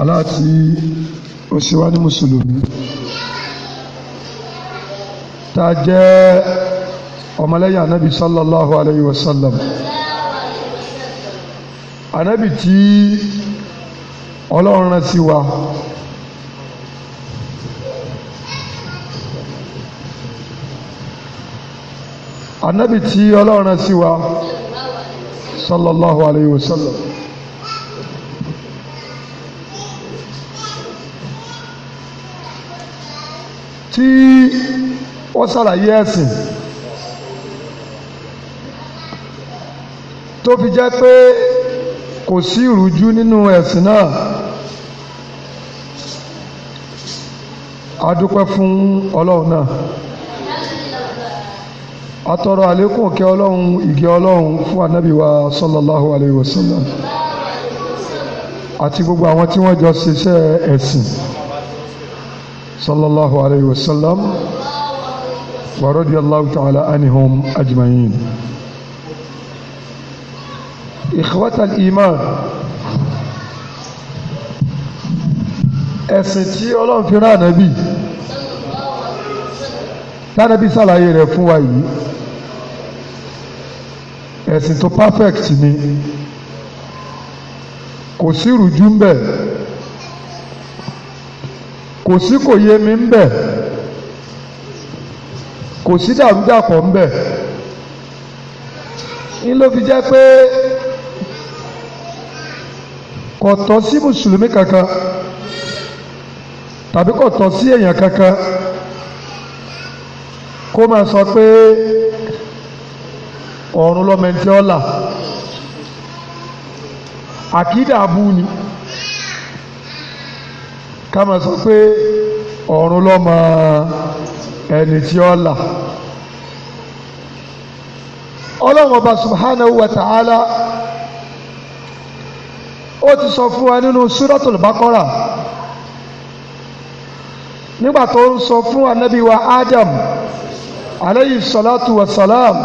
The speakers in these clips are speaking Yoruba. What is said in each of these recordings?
aláàtí ó ṣe wá ní mùsùlùmí tá a jẹ́ ọmọlẹ́yìn anabi sallallahu alayhi wa sallam anabi tí ọlọ́run rán sí wa. anabi tí ọlọ́run rán sí wa sallallahu alayhi wa sallam. tí ó ṣàlàyé ẹ̀sìn tó fi jẹ́ pé kò sí ìrújú nínú ẹ̀sìn náà a dúpẹ́ fún ọlọ́run náà a tọrọ àlékún òkè ọlọ́run ìgẹ̀ ọlọ́run fún ànábì wa sallallahu alayhi wa sallam àti gbogbo àwọn tí wọ́n jọ ṣiṣẹ́ ẹ̀sìn. صلى الله عليه وسلم ورضي الله تعالى عنهم أجمعين إخوة الإيمان ẹ̀sìn tí ọlọ́run fi rán ànábì tánàbí ṣàlàyé rẹ̀ fún wa yìí ẹ̀sìn tó perfect ni kò sí ìrújú ń bẹ kò sí kò yé mi ń bẹ̀ kò sí dàrúdàpọ̀ ń bẹ̀ ní ló fi jẹ́ pé kò tọ́ sí mùsùlùmí kankan tàbí kò tọ́ sí èèyàn kankan kó máa sọ pé ọ̀run lọ́mọ ẹni tí ó là àkídà abú ká máa sọ pé ọ̀run lọ́mọ ẹni tí ó là ọlọ́run ọba subhanahu wa ta'ala ó ti sọ fún wa nínú suratul baqara nígbà tó ń sọ fún anabi wa adam aleyhi salatu wa salam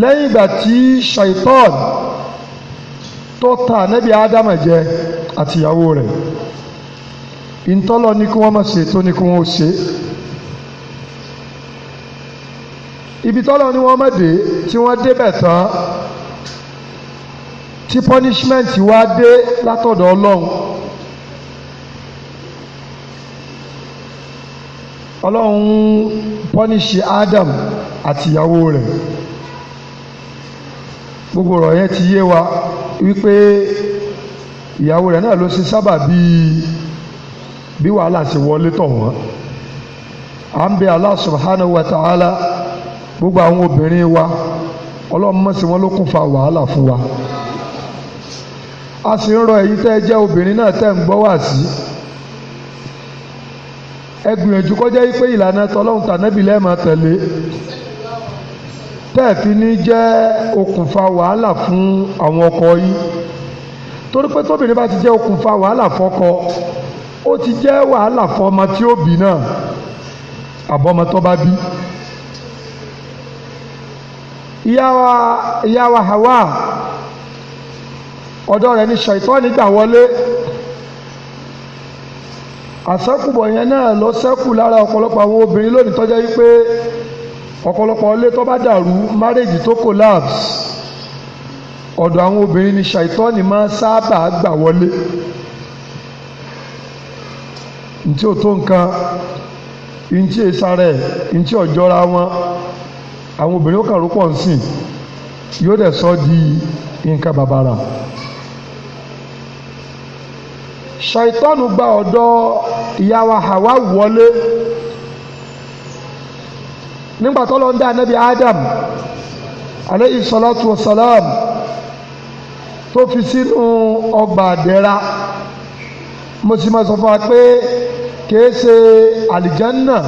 lẹ́yìn ìgbà tí shaitan tó ta anabi adam jẹ àtìyàwó rẹ̀ ntọ́lọ́ ní kí wọ́n má ṣe tó ní kí wọ́n ó ṣe ibi tọ́lọ́ ni wọ́n má tí wọ́n débẹ̀ tán tí punishment wá dé látọ̀dọ̀ ọlọ́run ọlọ́run punish Adam àti ìyàwó rẹ̀ gbogbo ọ̀rọ̀ yẹn ti yé wa wípé ìyàwó rẹ̀ náà ló ṣe sábà bíi. bí wàhálà ṣe wọlé tọ̀ wọ́n à ń bẹ Allah subhanahu gbogbo àwọn obìnrin wa ọlọ́run mọ̀ sí wọn ló kún fa wàhálà fún wa a sì ń rọ èyí tẹ́ ẹ jẹ́ obìnrin náà tẹ́ ń gbọ́ wá sí ẹ gbìyànjú kọjá yí pé ìlànà tọlọ́hun tànábì lẹ́ẹ̀ máa tẹ̀lé tẹ́ ẹ fi ní jẹ́ okùnfà wàhálà fún àwọn ọkọ yìí torí pé tóbìnrin bá ti jẹ́ okùnfà wàhálà fọ́kọ ó ti jẹ́ wàhálà fọmọ tí ó bí náà àbọ̀mọ tó bá bí. ìyá wa Hawa ọ̀dọ̀ rẹ̀ ni ṣàìtọ́ni gbà wọlé àṣẹ́kùbọ̀ yẹn náà lọ ṣẹ́kù lára ọ̀pọ̀lọpọ̀ àwọn obìnrin lónìí tó jẹ́ wípé ọ̀pọ̀lọpọ̀ ilé tó bá dàrú márèjì tó collapse ọ̀dọ̀ àwọn obìnrin ni ṣàìtọ́ni máa ń sábà gbà wọlé ntí o tó nǹkan ntí èsàrẹ̀ ntí ọ̀jọ́ra wọn àwọn obìnrin ó kàn rúpọ̀ ń sìn yóò dẹ̀ sọ di nǹkan bàbàrà. ṣàìtọ́nù gba ọ̀dọ̀ ìyá wa Hawa wọlé nígbà tó lọ ń dá anabi Adam aleyhi salatu wa salam tó fi sínú ọgbà àdẹ́ra mo sì máa sọ fún wa pé kìí àlìjánná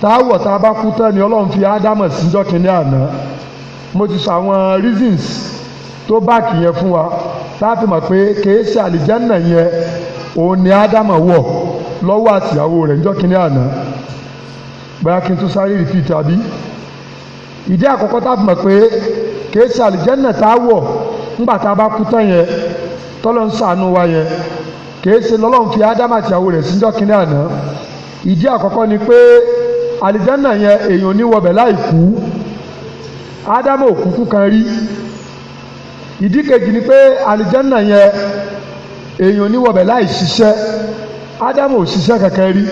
táwọ̀ tá bá kú tán ni ọlọ́run fi ádámù síjọ́ mo ti sọ àwọn reasons tó báàkì yẹn fún wa tá fi mọ̀ pé kìí àlìjánná yẹn òun ni ádámù wọ̀ lọ́wọ́ àtìyàwó rẹ̀ níjọ́ kínní àná bóyá kí n tún sáré rìfì tàbí ìdí àkọ́kọ́ fi mọ̀ pé àlìjánná kìí ṣe lọ́lọ́run fi ádámù àtìyàwó rẹ̀ síjọ́ kínní àná ìdí àkọ́kọ́ ni pé àlìjánà yẹn èèyàn níwọ̀bẹ̀ láì kú ádámù ò kan rí ni pé àlìjánà yẹn èèyàn níwọ̀bẹ̀ láì ṣiṣẹ́ ádámù ò ṣiṣẹ́ kankan rí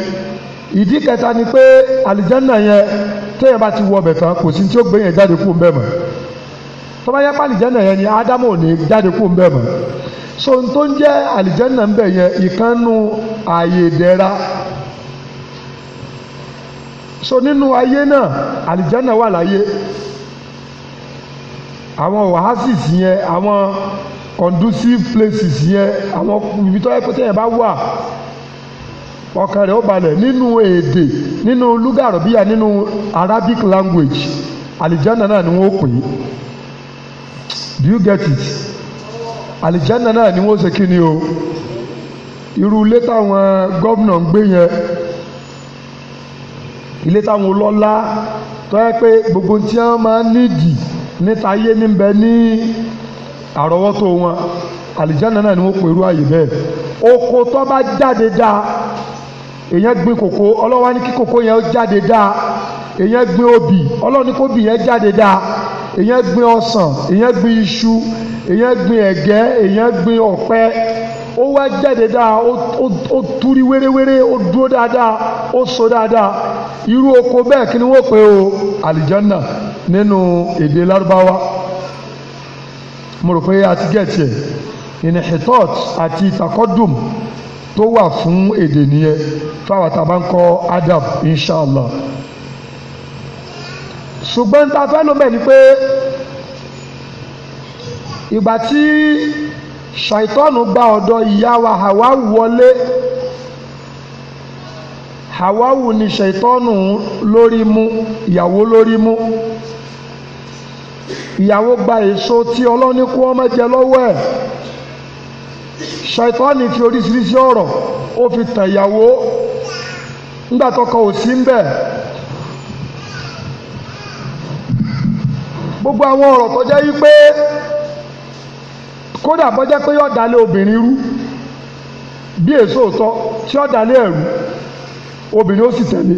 ìdí kẹta ni pé yẹn ti wọ̀bẹ̀ tán kò sí tí ó gbé yẹn jáde ń bẹ̀ ni ádámù ò ní jáde ń so n tó ń jẹ́ àlìjẹ́nà ń bẹ̀ yẹn ìkànnù ààyè ìdẹ́ra so nínú ayé náà àlìjẹ́nà wà láyé àwọn oasis yẹn àwọn conducive places yẹn àwọn ibi tó yẹ kó tẹ̀yẹ̀ bá wà ọkàn rẹ̀ ó balẹ̀ nínú èdè nínú lugarabiya nínú Arabic language àlìjẹ́nà náà ni wọ́n pè é do you get it? àlìjáná náà ni wọ́n ṣe kí ni o irú ilé táwọn gómìnà ń gbé yẹn ilé táwọn ọlọ́lá tó yẹ pé gbogbo tí wọ́n máa ń nídìí níta ayé níbẹ̀ ní àrọ́wọ́tó wọn àlìjáná náà ni wọ́n pè irú àyè bẹ́ẹ̀ oko tó bá jáde dáa èyàn gbin kòkó ọlọ́wọ́ ní kí kòkó yẹn ó jáde dáa èyàn gbin obì ọlọ́wọ́ ní kóbì yẹn jáde dáa èyàn gbin ọsàn èyàn gbin iṣu èyàn gbin ẹ̀gẹ́ èyàn gbin ọ̀pẹ ó wá jáde dáa ó túrí wéréwéré ó dúró dáadáa ó so dáadáa irú oko bẹ́ẹ̀ kí ni wọ́n pe o àlìjánà nínú èdè lárúbáwá mo rò pé a ti gẹ̀ẹ́tì ẹ̀ ìnìhìtọ́t àti ìtàkọ́dùm tó wà fún èdè nìyẹn fáwọn tá a bá ń kọ́ adab inshallah. ṣùgbọ́n tá a fẹ́ lò bẹ́ẹ̀ ni pé ìgbà tí ṣàìtọ́nù gba ọ̀dọ̀ ìyá wa Hawawu wọlé Hawawu ni ṣàìtọ́nù lórí mú ìyàwó lórí mú ìyàwó gba èso tí ọlọ́ni kú ọmọ jẹ lọ́wọ́ ẹ̀ ṣàìtọ́nù fi oríṣiríṣi ọ̀rọ̀ ó fi tàn ìyàwó nígbà tọkọ ò sí gbogbo àwọn ọ̀rọ̀ tó jẹ́ wípé kódà bó jẹ́ pé yóò dalẹ̀ obìnrin rú bí èso sọ tí yóò dalẹ̀ ẹ̀rú obìnrin ó sì tẹ̀lé.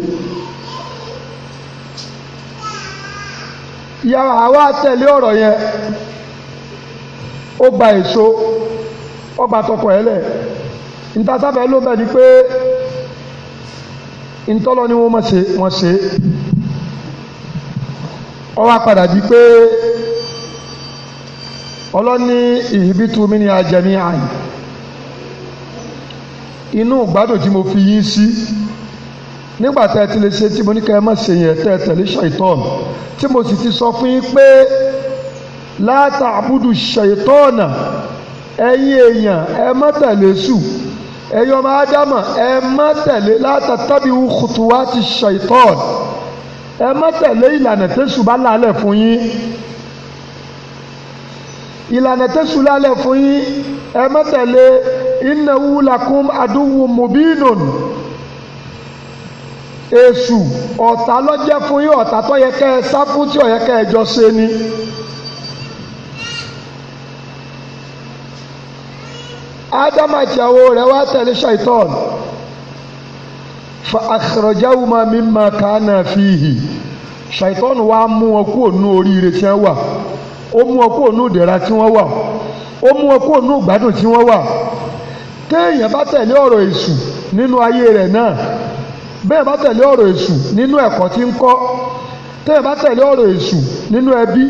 yàrá àwa tẹ̀lé ọ̀rọ̀ yẹn ó gba èso ó gba tọkọ ẹ̀ lẹ̀ ntasáfẹ́ ló bẹ̀ ni pé ntọ́lọ́ ni wọ́n mọ̀ ṣe wọ́n ṣe ó wá padà di pé ọlọ́ni ìhìbìtú mi ni àjẹmí àyè inú ìgbádùn tí mo fi yín sí nígbà tẹ́ ẹ ti lè ṣe tí mo ní kẹ́ ẹ má ṣe yẹn tẹ́ ẹ tẹ̀lé ṣàìtọ́ọ̀nù tí mo sì ti sọ fún yín pé látà àbúdù ṣàìtọ́ọ̀nà ẹ̀yin èèyàn ẹ má tẹ̀lé sù ẹ̀yin ọmọ ádámà ẹ má tẹ̀lé látà kùtùwà ti ṣàìtọ́ọ̀nù. ẹ má tẹ̀lé ìlànà tẹ́sù bá lálẹ́ fún yín ìlànà tẹ́sù lálẹ́ fún yín ẹ má tẹ̀lé innahu lakum adúwò mubinun èṣù ọ̀tá lọ́jẹ́ fún yín ọ̀tá tó yẹ kẹ́ ẹ sá fún tí ó yẹ ni. ádámà wá fa akhrajahuma mimma kana fihi ṣàìtọ́nù wa mú wọn kúrò oríire tí wọ́n wà ó mú wọn kúrò nínú ìdẹ̀ra tí wọ́n wà ó mú wọn kúrò nínú ìgbádùn tí wọ́n wà téèyàn bá tẹ̀lé ọ̀rọ̀ èṣù nínú ayé rẹ̀ náà bẹ́ẹ̀ bá tẹ̀lé ọ̀rọ̀ èṣù nínú ẹ̀kọ́ tí ń kọ́ téèyàn bá tẹ̀lé ọ̀rọ̀ èṣù nínú ẹbí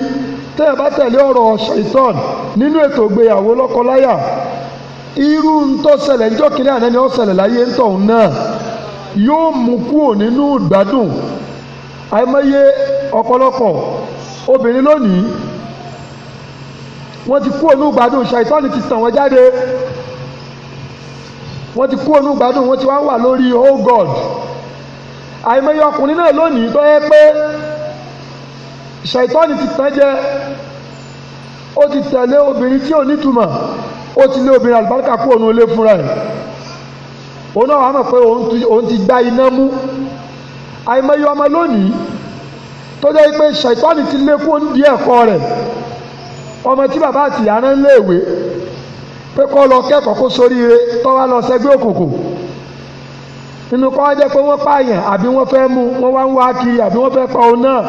téèyàn bá tẹ̀lé ọ̀rọ̀ ṣàìtọ́n nínú ètò yóò mú kúrò nínú ìgbádùn àìmọye ọ̀pọ̀lọpọ̀ obìnrin lónìí wọ́n ti kúrò nínú ìgbádùn ṣàìtọ́ni ti tàn wọ́n jáde wọ́n ti kúrò nínú ìgbádùn wọ́n ti wá wà lórí oh god àìmọye ọkùnrin náà lónìí tó yẹ pé ṣàìtọ́ni ti tàn jẹ ó ti tẹ̀lé obìnrin tí ò nítumọ̀ ó ti lé obìnrin àlùbáríkà kúrò nínú ilé fúnra ẹ̀ òun náà wàá mọ̀ pé òun ti gbá iná mú àìmọye ọmọ lónìí tó jẹ́ pé ṣàìtọ́nì ti lé kó ń di ẹ̀kọ́ rẹ̀ ọmọ tí bàbá àti ìyá rẹ̀ ń léèwé pé kó lọ kẹ́kọ̀ọ́ kó soríire tó wá lọ sẹ́gbẹ́ òkùnkùn nínú kọ́ jẹ́ pé wọ́n pààyàn àbí wọ́n fẹ́ mú wọ́n wá ń wá kiri àbí wọ́n fẹ́ pa òun náà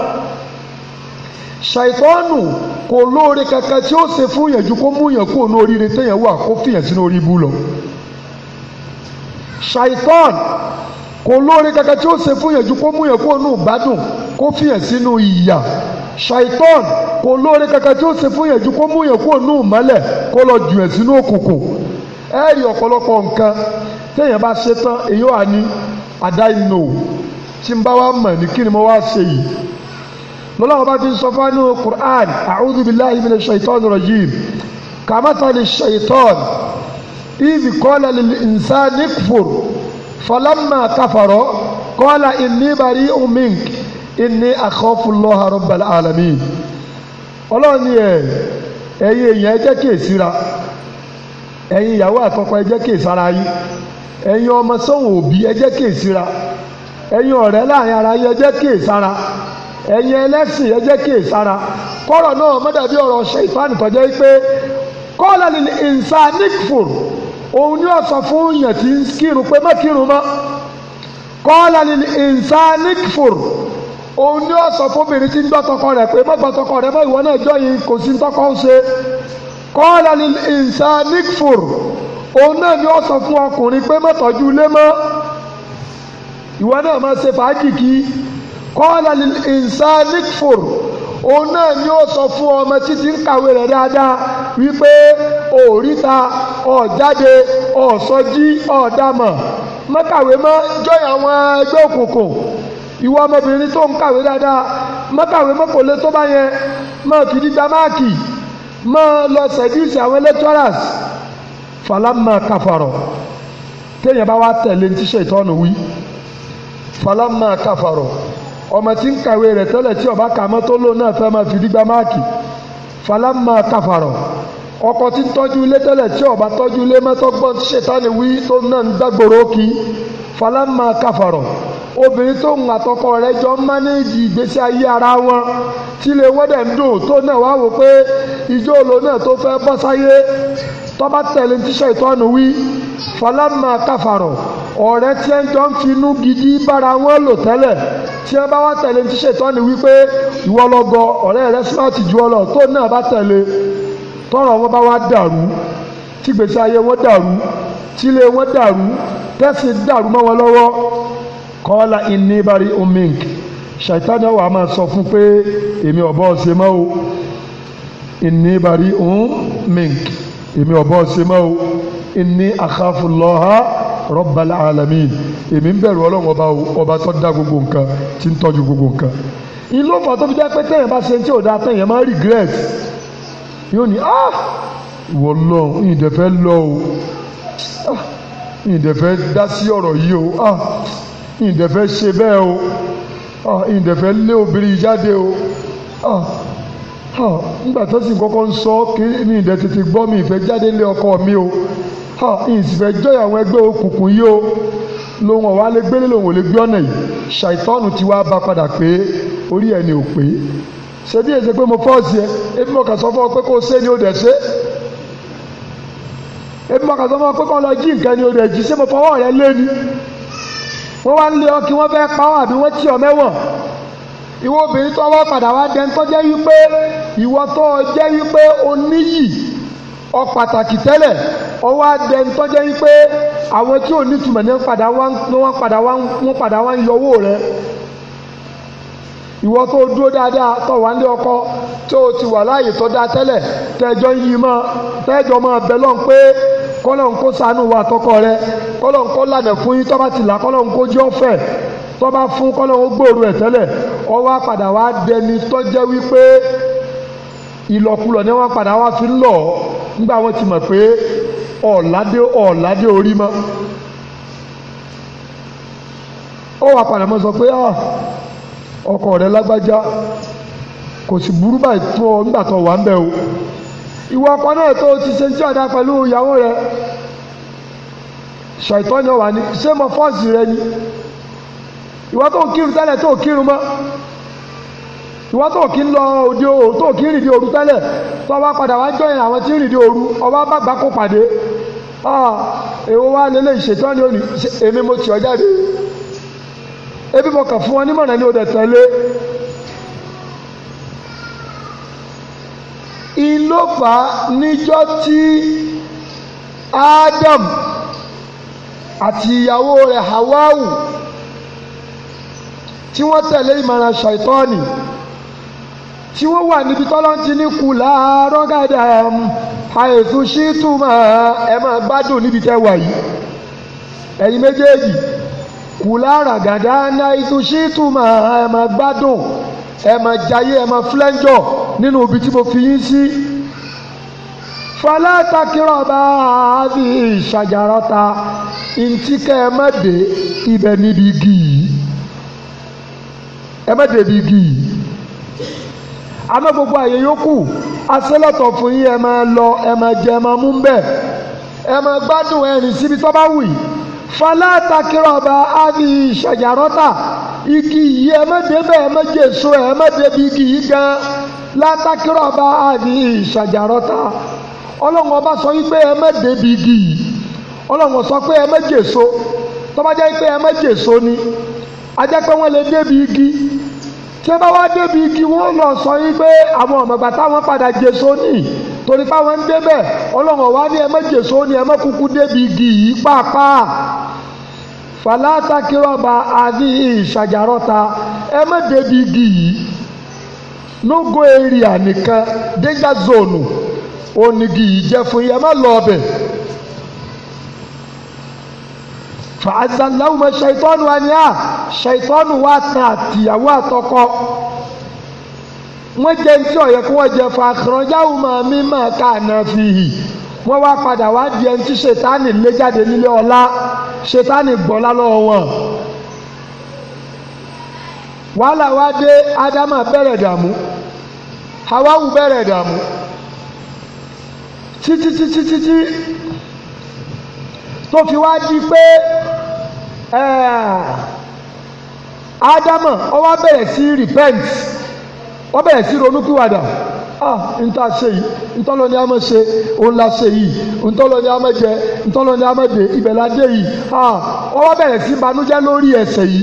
ṣàìtọ́nù kò lóore kankan tí ó ṣe fún yẹn ju kó mú yẹn kúrò ní oríire téèyàn wà kó fìyàn sínú orí ibú lọ ṣàìtọ́n kò lóore kankan tí ó ṣe fún yẹn ju kó mú yẹn kó nù gbádùn kó fi yẹn sínú ìyà ṣàìtọ́n kò lóore kankan tí ó ṣe fún yẹn ju kó mú yẹn kó nù mọ́lẹ̀ kó lọ jù yẹn sínú òkùnkùn ẹ rí ọ̀pọ̀lọpọ̀ nǹkan téèyàn bá ṣe tán èyí wà ní àdáyìnà tí n bá wá mọ̀ ní kí ni mo wá ṣe yìí lọ́lọ́wọ́ bá ti sọ fánú Qur'an a'udhu billahi minash shaitani rajim kàmátàlì ṣàìtọ́n. إذ قال للإنسان اكفر فلما كفر قال إني بريء منك إني أخاف الله رب العالمين ọlọ́run ni ẹ ẹ̀yin èèyàn ẹ jẹ́ kí èsìra ẹ̀yin ìyàwó àtọkọ ẹ jẹ́ kí èsìra yín ẹ̀yin ọmọ sọ́wọ́n òbí ẹ jẹ́ kí èsìra ẹ̀yin ọ̀rẹ́ láàrin ara yín ẹ jẹ́ kí èsìra ẹ̀yin ẹlẹ́sìn ẹ jẹ́ kí èsìra kọ́rọ̀ náà ni ìnsá òun ni ó fún yàn tí ń kírun pé má kírun mọ́ kọ́lá ní insanikfur òun ni ó fún obìnrin tí ń gbọ́ rẹ̀ pé má gbọ́ rẹ̀ mọ́ ìwọ náà jọ yìí kò sí ń ṣe òun náà ni fún ọkùnrin pé má tọ́jú ilé mọ́ ìwọ náà má ṣe fàájì kí òun náà ni ó sọ fún ọmọ títí ń kàwé rẹ̀ dáadáa wípé òòríta ọ̀jáde ọ̀sọ́jí ọ̀dàmọ̀ mọ́kàwé mọ́ jọ́yìn àwọn ẹgbẹ́ òkùnkùn ìwọ ọmọbìnrin tó ń kàwé dáadáa mọ́kàwé mọ́ kò lè tó bá yẹn mọ́ kìdí gba mọ́ lọ sẹ́díìsì àwọn lecturers falama kafaro téèyàn bá wá tẹ̀lé ní tíṣe ìtọ́nù wí falama kafaro ọmọ tí ń kàwé rẹ̀ tẹ́lẹ̀ tí ọba kàmọ́ tó lò náà fẹ́ máa fi dígbà máàkì falama kàfàrọ̀ ọkọ tí ń tọ́jú ilé tẹ́lẹ̀ tí ọba tọ́jú ilé mẹ́tọ́gbọ́n ṣètánì wí tó náà ń dágbòrò kí falama kàfàrọ̀ obìnrin tó ń àtọkọ rẹ̀ jọ ń mánéèjì ìgbésí ayé ara wọn tí lè wọ́dẹ̀ ń dùn tó náà wá wò pé ìjọ òòlò náà tó fẹ́ bọ́ sáyé tọ́ba tẹ̀lé tíṣẹ́ ìtọ́nu wí falama kàfàrọ̀ ọ̀rẹ́ tí jọ ń finú gidi bára wọn lò tẹ́lẹ̀ tí wọ́n bá wá tẹ̀lé ti ṣètọ́ni wípé ìwọ lọ́gọ ọ̀rẹ́ rẹ smarti ju ọlọ tó náà bá tẹ̀lé tọrọ wọn bá wá dàrú tí gbèsè ayé wọn dàrú tí ilé wọn dàrú tẹ́sí dàrú mọ́ wọn lọ́wọ́ kọ́lá ìníbarí omink ṣàìtàn wà á máa sọ fún pé èmi ọ̀bọ ọ̀sẹ̀ mọ́ o ìníbarí omink èmi ọ̀bọ ọ̀sẹ̀ mọ́ o ìní àkàfùlọ́ha. Rabbal alamin èmi ń bẹ̀rù ọlọ́run ọba ọba tó dá gbogbo nǹkan tí ń tọ́jú gbogbo nǹkan ìlú ọmọ tó fi jẹ́ pé téèyàn bá ṣe tí ò dáa téèyàn máa regret yóò ní ah wọ́n lọ ìdẹ̀fẹ́ lọ o ah, ìdẹ̀fẹ́ dá sí ọ̀rọ̀ yìí o ah ìdẹ̀fẹ́ ṣe bẹ́ẹ̀ o ah ìdẹ̀fẹ́ lé obìnrin jáde o ah ah nígbà tó sì kọ́kọ́ ń sọ kí mi ìdẹ̀ tètè gbọ́ mi ìfẹ́ jáde lé ọkọ mi o ọ ìsìfẹ́ jọyọ̀ àwọn ẹgbẹ́ òkùnkùn yìí o lòun ọ̀wá lè gbélé lòun ò lè gbé ọ̀nà yìí ṣàìtọ́nù ti wá bá padà pé orí ẹ̀ ni ò pé ṣe bí èsè pé mo fọ́ọ̀sì ẹ ebi mọ̀kà sọ fún ọ pé kó o ṣe ni ó dẹ̀ ṣe ebi mọ̀kà sọ fún ọ pé kó o lọ jí nǹkan ni ó dẹ̀ jí ṣé mo fọwọ́ rẹ lé ni wọ́n wá ń lé ọ kí wọ́n fẹ́ pa ọ́ àbí wọ́n tì ọ́ mẹ́wọ̀n ìwọ obìnrin tó wá padà wá dẹ́n tó jẹ́ wípé ìwọ tó jẹ́ wípé o níyì ọ pàtàkì tẹ́lẹ̀ ọ wá dẹni tọ́jẹ́ yín pé àwọn tí ò ní ìtumọ̀ ní padà wá wọ́n padà wá wọ́n padà wá ń yọwọ́ rẹ ìwọ tó dúró dáadáa tó wà nílé ọkọ tó o ti wà láàyè tó dáa tẹ́lẹ̀ tẹ́jọ ń yí mọ́ tẹ́jọ máa bẹ lọ́n pé kọ́lọ́n kó ṣàánú wa tọkọ rẹ kọ́lọ́n kó lànà fún yín tó bá ti là kọ́lọ́n kó jẹ́ ọ̀fẹ́ tó bá fún kọ́lọ́n ó gbòòrò ẹ̀ tẹ́lẹ̀ ọ wá padà wá dẹni tó wípé ìlọ̀kulọ̀ ni wọ́n padà wá fi ń lọ̀ ọ́. nígbà wọn ti mọ̀ pé ọ̀làdé ọ̀làdé orí mọ́ ó wà padà mọ́ sọ pé ah, ọkọ rẹ lágbájá kò sì burú báyìí tó ọ nígbà o ọkọ náà tó ti ṣe tí rẹ ṣàìtọ́ ni ọ wà ní ṣé mo fọ́ọ̀sì rẹ ni ìwọ tó kírun tẹ́lẹ̀ tó ìwọ tó kí ń lọ òde òru tó kí ń rìndí òru tẹ́lẹ̀ tó wá padà wá jọyìn àwọn tí ń rìndí òru ọba bàgbà kó pàdé èwo wá lélẹ̀ ìṣètọ́ ni òní èmi mo tì ọ́ jáde ebi mo kàn fún ọ nímọ̀ràn ni o dẹ̀ tẹ̀lé ìlófà níjọ́ tí Adam àti ìyàwó rẹ̀ Hawawu tí wọ́n tẹ̀lé ìmọ̀ràn ṣàìtọ́ọ̀nì tí wọ́n wà níbi tọ́lọ́ ti ní kù láàárọ̀ gàdà àìsùn ṣítùmọ̀ ẹ máa gbádùn níbi tẹ́ wà yìí ẹ̀yin méjèèjì kù láàrà gàdà àìsùn ṣítùmọ̀ ẹ máa gbádùn ẹ máa jayé ẹ máa flẹ́ńjọ̀ nínú ibi tí mo fi yín sí. falátakírọ̀ bá a bí ìṣàjàrọ̀ta ntí kẹ́ ẹ má dé ibẹ̀ níbi igi yìí ẹ má dé ibi igi yìí àmọ́ gbogbo àyè yòókù asẹ́lẹ̀tọ̀ fún yín ẹ máa lọ ẹ máa jẹ ẹ máa mú bẹ́ẹ̀ ẹ máa gbádùn ẹ̀rìn síbi tó bá wù yìí falátakírọ̀bà ábí ṣàjàrọ́tà igi yìí ẹ má débẹ̀ ẹ má jèso ẹ má débi igi yìí gan látakírọ̀bà ábí ṣàjàrọ́tà ọlọ́run ọba sọ wípé ẹ má débi igi yìí ọlọ́run sọ pé ẹ má jèso tọ́bajá wípé ẹ má jèso ni ajá pé wọ́n lè débi igi. tí ẹ bá wá débi igi wọn lọ sọ yín pé àwọn ọ̀mọ̀gbà táwọn padà jèso ní torí páwọn ń débẹ̀ ọlọ́run ọ̀wá ní ẹ má jèso ní ẹ má kúkú débi igi yìí pàápàá fàlàtà kírọ̀bà àní ìṣàjàrọ̀ta ẹ débi igi yìí fàázàláwùmọ ṣàìtọ́nù àníyá ṣàìtọ́nù wà tán àtìyàwó àtọkọ wọ́n jẹ ntí ọ̀yẹ́ kí wọ́n jẹ fàkàrọ̀jáwùmọ mímọ̀ káàná fi hì wọ́n wá padà wá di ẹni tí ṣètánì lé jáde nílé ọlá ṣètánì gbọ́lá lọ́wọ́ wọn wàhálà wá dé ádámà bẹ̀rẹ̀ dààmú hawawu bẹ̀rẹ̀ dààmú títí títí títí. tó fi wá di pé ádámọ̀ ó wá bẹ̀rẹ̀ sí repent ó bẹ̀rẹ̀ sí ronúpìwàdà ah nta ṣe yìí ntọ́lọ ni a máa ṣe òun la ṣe yìí ntọ́lọ ni a máa jẹ ntọ́lọ ni a máa dé ibẹ̀ la dé yìí ah ó wá bẹ̀rẹ̀ sí banújẹ́ lórí yìí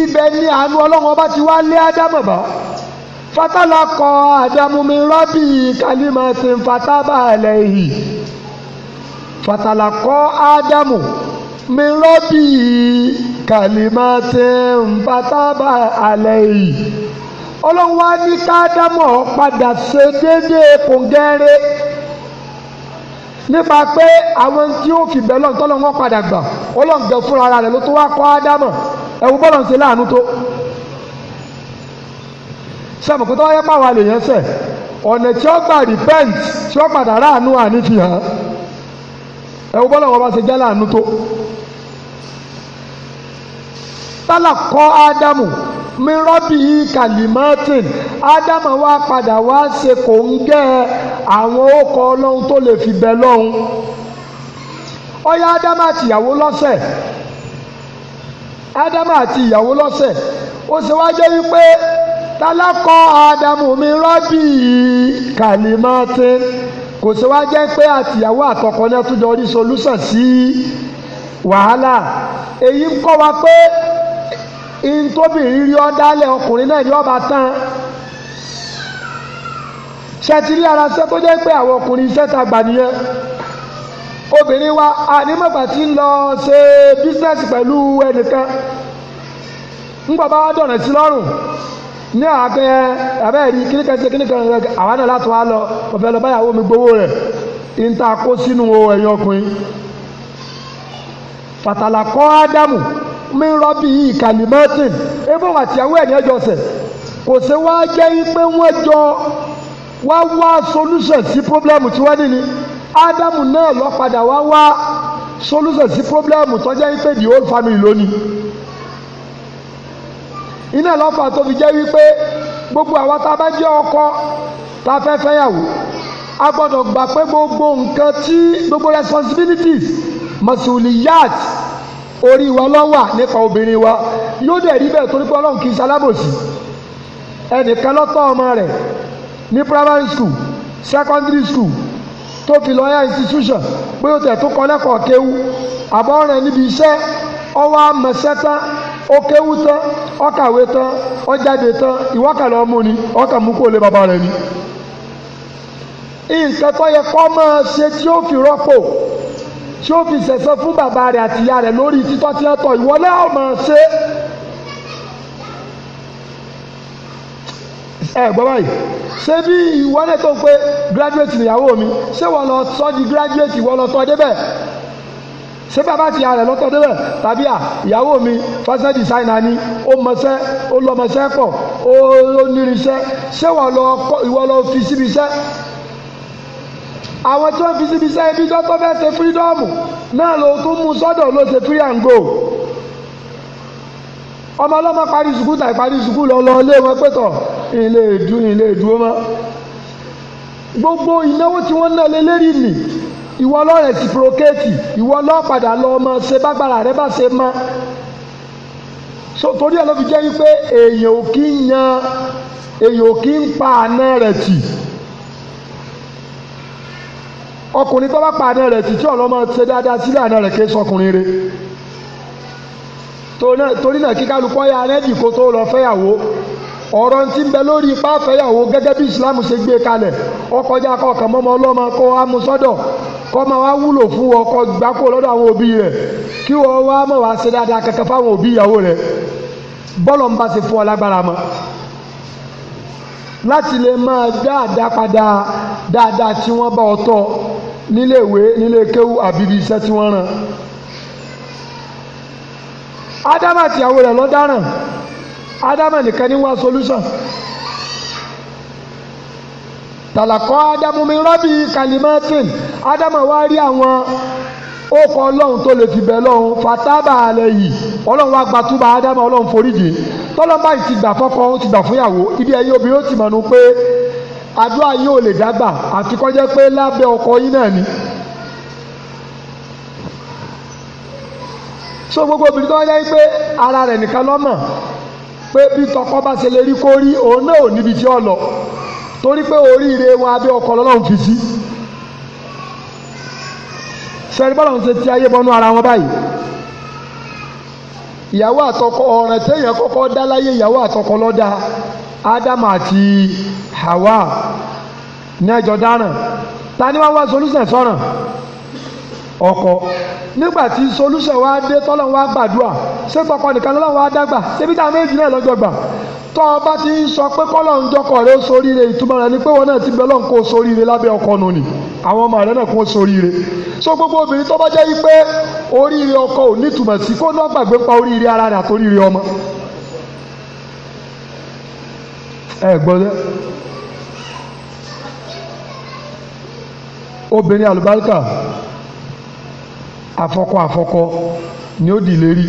ibẹ̀ ni àánú ọlọ́run ọba ti wá lé ádámọ̀ bá fatala kọ mi rabi kálímà ti ń lẹ́yìn. fatalakọ́ ádámù mi rọ́bì kàlímàtì nfatábà alẹ́ yìí ọlọ́run wá ní káádámọ̀ padà ṣe déédéé kòǹgẹ́rẹ́ nípa pé àwọn tí ó fi bẹ́ẹ̀ lọ́nà tọ́lọ́ wọn padà gbà ọlọ́run gẹ̀ fúnra rẹ̀ ló tó wá kọ́ ádámọ̀ ẹ̀wù bọ́lọ̀ ń ṣe láàánú tó sẹ́mu kó tó wáyé pàwọn àlèyàn sẹ̀ ọ̀nà tí ó gbà repent tí ó padà ráàánú ànífihàn. ẹ wọ́n bọ́lá wọn bá ṣe jẹ́ láàánú tó tálà kọ́ ádámù mírọ́bì kàlímọ́tìn ádámù wá padà wá ṣe kò ń gẹ́ àwọn ọkọ̀ ọlọ́run tó lè fi bẹ lọ́hùn ọyá ádámù àti ìyàwó lọ́sẹ̀ ádámù àti ìyàwó lọ́sẹ̀ ó sì wá jẹ́ wípé tálà kọ́ ádámù mírọ́bì kàlímọ́tìn. kò sí wá jẹ́ pé àtìyàwó àtọkọ náà tún jọ rí solúsàn sí wàhálà èyí ń kọ́ wa pé ntóbìnrin rí ọ dálẹ̀ ọkùnrin náà rí ọba tán ṣètìlí ara ṣe tó jẹ́ pé àwọn ọkùnrin iṣẹ́ ta gbà obìnrin wa ànímọ̀gbà tí ń lọ ṣe bísíǹsì pẹ̀lú ẹnìkan ń bàbá wa dọ̀rẹ̀ sí lọ́rùn ní àgbẹ̀ abẹ́ẹ̀rí kíní kan ṣe kíní kan rẹ àwa náà láti wá lọ ọ̀fẹ́ lọ báyàwó mi gbowó rẹ̀ níta kó sínú ẹ̀yìn ọkùnrin fàtàlà kọ́ ádámù mi rọ́bì yìí kàlímẹ́tìn ebó àtìyàwó ẹ̀ ní ẹjọ́ sẹ̀ kò sí wá jẹ́ pé wọ́n jọ wá wá solution sí problem tí wọ́n ni Adamu náà lọ padà wá wá solution sí problem tó jẹ́ pé the whole family lónìí iná lọ́fà tó fi jẹ́ wípé gbogbo àwa tá a bá jẹ́ ọkọ tá a fẹ́ fẹ́yàwó a gbọ́dọ̀ gbà pé gbogbo nǹkan tí gbogbo responsibilities masuliyat orí wa ló wà nípa obìnrin wa yóò dẹ̀ rí bẹ́ẹ̀ torí pé ọlọ́run kì í ṣalábòsí ẹnìkan lọ́tọ́ ọmọ rẹ̀ ní primary school secondary school tó fi lọ́yà institution pé ó tẹ̀ tó kọ́ lẹ́kọ̀ọ́ kéwú àbọ̀ rẹ̀ níbi iṣẹ́ ọwọ́ àmọ̀ṣẹ́ tán ó kéwú tán ó kàwé tán ó jáde tán ìwọ́kàlọ́ mú ni ó kà mú kó lé bàbá rẹ̀ ni. nǹkan tó yẹ kó máa ṣe tí ó fi rọ́pò tí ó fi ṣẹ̀ṣẹ̀ fún bàbá rẹ̀ àti ìyá rẹ̀ lórí títọ́ tí wọ́n tọ̀ ìwọ náà máa ṣe. ẹ gbọ́ báyìí ṣé bí ìwọ tó ń pe graduate nìyàwó mi ṣé wọ́n lọ sọ di graduate ìwọ lọ sọ débẹ̀ ṣé bàbá ti yà rẹ̀ lọ́tọ̀ débẹ̀ tàbí à ìyàwó mi fashion designer ni ó mọṣẹ́ ó lọ́mọṣẹ́ pọ̀ ó ló nírinṣẹ́ ṣé ìwọ lọ fi síbi iṣẹ́ àwọn tí wọ́n fi síbi iṣẹ́ ibi tó fẹ́ ṣe fírídọ́ọ̀mù náà ló tún mú sọ́dọ̀ ló ṣe free and go ọmọ ọlọ́mọ parí sùkúù tàì parí sùkúù lọ lọ ilé wọn pé tọ̀ ilé ìdúró mọ́ gbogbo ìnáwó tí wọ́n ná lé lérí nìí ìwọ lọ rẹsipirokéètì ìwọ lọ padà lọ ọmọ ṣe bágbára rẹ bá ṣe mọ so torí ẹ ló fi jẹ́ wípé èèyàn ò kí ń yan èèyàn ò kí ń pa àna rẹ̀ tì ọkùnrin tó bá pa àna rẹ̀ tì tí ọ̀lọ́ máa ṣe dáadáa sílẹ̀ àna rẹ̀ kì í sọkùnrin rẹ̀ torí náà kíkálukọ́ ya rẹ́dì kó tó lọ fẹ́yàwó ọ̀rọ̀ ti ń bẹ lórí ipá fẹ́yàwó gẹ́gẹ́ bí Islam ṣe gbé kalẹ̀ ọkọjá kọkàn mọ́mọ́ ọlọ́mọ kó amúsọ́dọ̀ kọ́ máa wá wúlò fún wọn kọ́ gbáko lọ́dọ̀ àwọn òbí rẹ̀ kí wọ́n wá mọ̀ wá ṣe dáadáa kankan fáwọn òbí ìyàwó rẹ̀ bọ́lọ̀ ń bá ṣe fún ọ lágbára mọ́ láti lè máa dáadáa padà dáadáa tí wọ́n bá ọ tọ́ níléèwé nílé kéwú àbíbí iṣẹ́ tí wọ́n ràn ádámà tìyàwó rẹ̀ lọ́dáràn ádámà nìkan ní wá solution tàlàkọ́ ádámù mi rọ́bì kalimatin ádámù wá rí àwọn ó kọ ọlọ́run tó lè fi bẹ̀ lọ́run fatábà alẹ́ yìí ọlọ́run wá gbàtúbà ádámù ọlọ́run foríjì tọ́lọ́mbà yìí ti gbà fọ́kọ ó ti gbà fúnyàwó ibi ẹ̀yìn obìnrin ó ti mọ̀nù pé àdúrà yìí ò lè dágbà àti kọjá pé lábẹ́ ọkọ yìí náà ni. so gbogbo obìnrin tó wáyé pé ara rẹ̀ nìkan lọ́mọ̀ pé bí tọkọ bá ṣe lè rí kórí òun náà ò níbi tí ó lọ torí pé oríire wọn abẹ́ ọkọ̀ lọ́lọ́run fi sí sẹ́ni bọ́lá ń ṣe ti ayé bọ́nú ara wọn báyìí ìyàwó àtọkọ ọ̀ràn téèyàn kọ́kọ́ dá láyé ìyàwó àtọkọ lọ́dà ádámù àti hawa ní ẹjọ́ dáràn ta ni wọ́n wá solúsẹ̀ sọ̀ràn ọkọ nígbà tí solúṣọ̀ wa dé tọ́lọ́run wa gbàdúrà ṣé tọkọ nìkan lọ́lọ́run wa dágbà ṣébí tá a méjì náà lọ́jọ́ gbà tọ́ ọ bá ti ń sọ pé kọ́lọ́run jọkọ rẹ ó soríire ìtumọ̀ rẹ ni pé wọn náà ti bẹ Ọlọ́run kó o soríire lábẹ́ ọkọ nù ni àwọn ọmọ rẹ náà kó soríire so gbogbo obìnrin tó bá jẹ́ yí pé oríire ọkọ ò nítumọ̀ sí kó náà gbàgbé pa oríire ara rẹ àtoríire ọmọ ẹ gbọ́dọ̀ obìnrin àlùbáríkà afọkọ afọkọ ni ó di lérí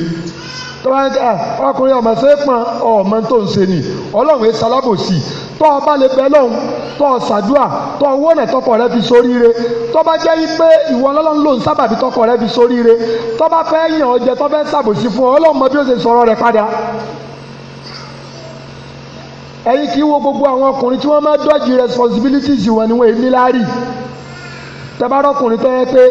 tọ́lájà ah, ọkùnrin ọmọ ṣe é pọn ọmọ tó ń ṣe ni ọlọ́run ẹ ṣalábòsì tọ́ ọ bá lè bẹ lọ́hùn tọ́ ọ ṣàdúà tọ́ owó ọ̀nà tọkọ rẹ fi sóríire tọ́ bá jẹ́ pé ìwọ ọlọ́run ló ń sábàbí tọkọ rẹ fi sóríire tọ́ bá fẹ́ yàn ọjẹ tọ́ fẹ́ ṣàbòsí fún ọ ọlọ́run mọ bí ó ṣe sọ̀rọ̀ rẹ padà. ẹ̀yin kì í wo gbogbo àwọn ọkùnrin tí wọ́n máa dọ́jì responsibilities wọn ni wọ́n èmi tẹ́bárọ́kùnrin tẹ́ pé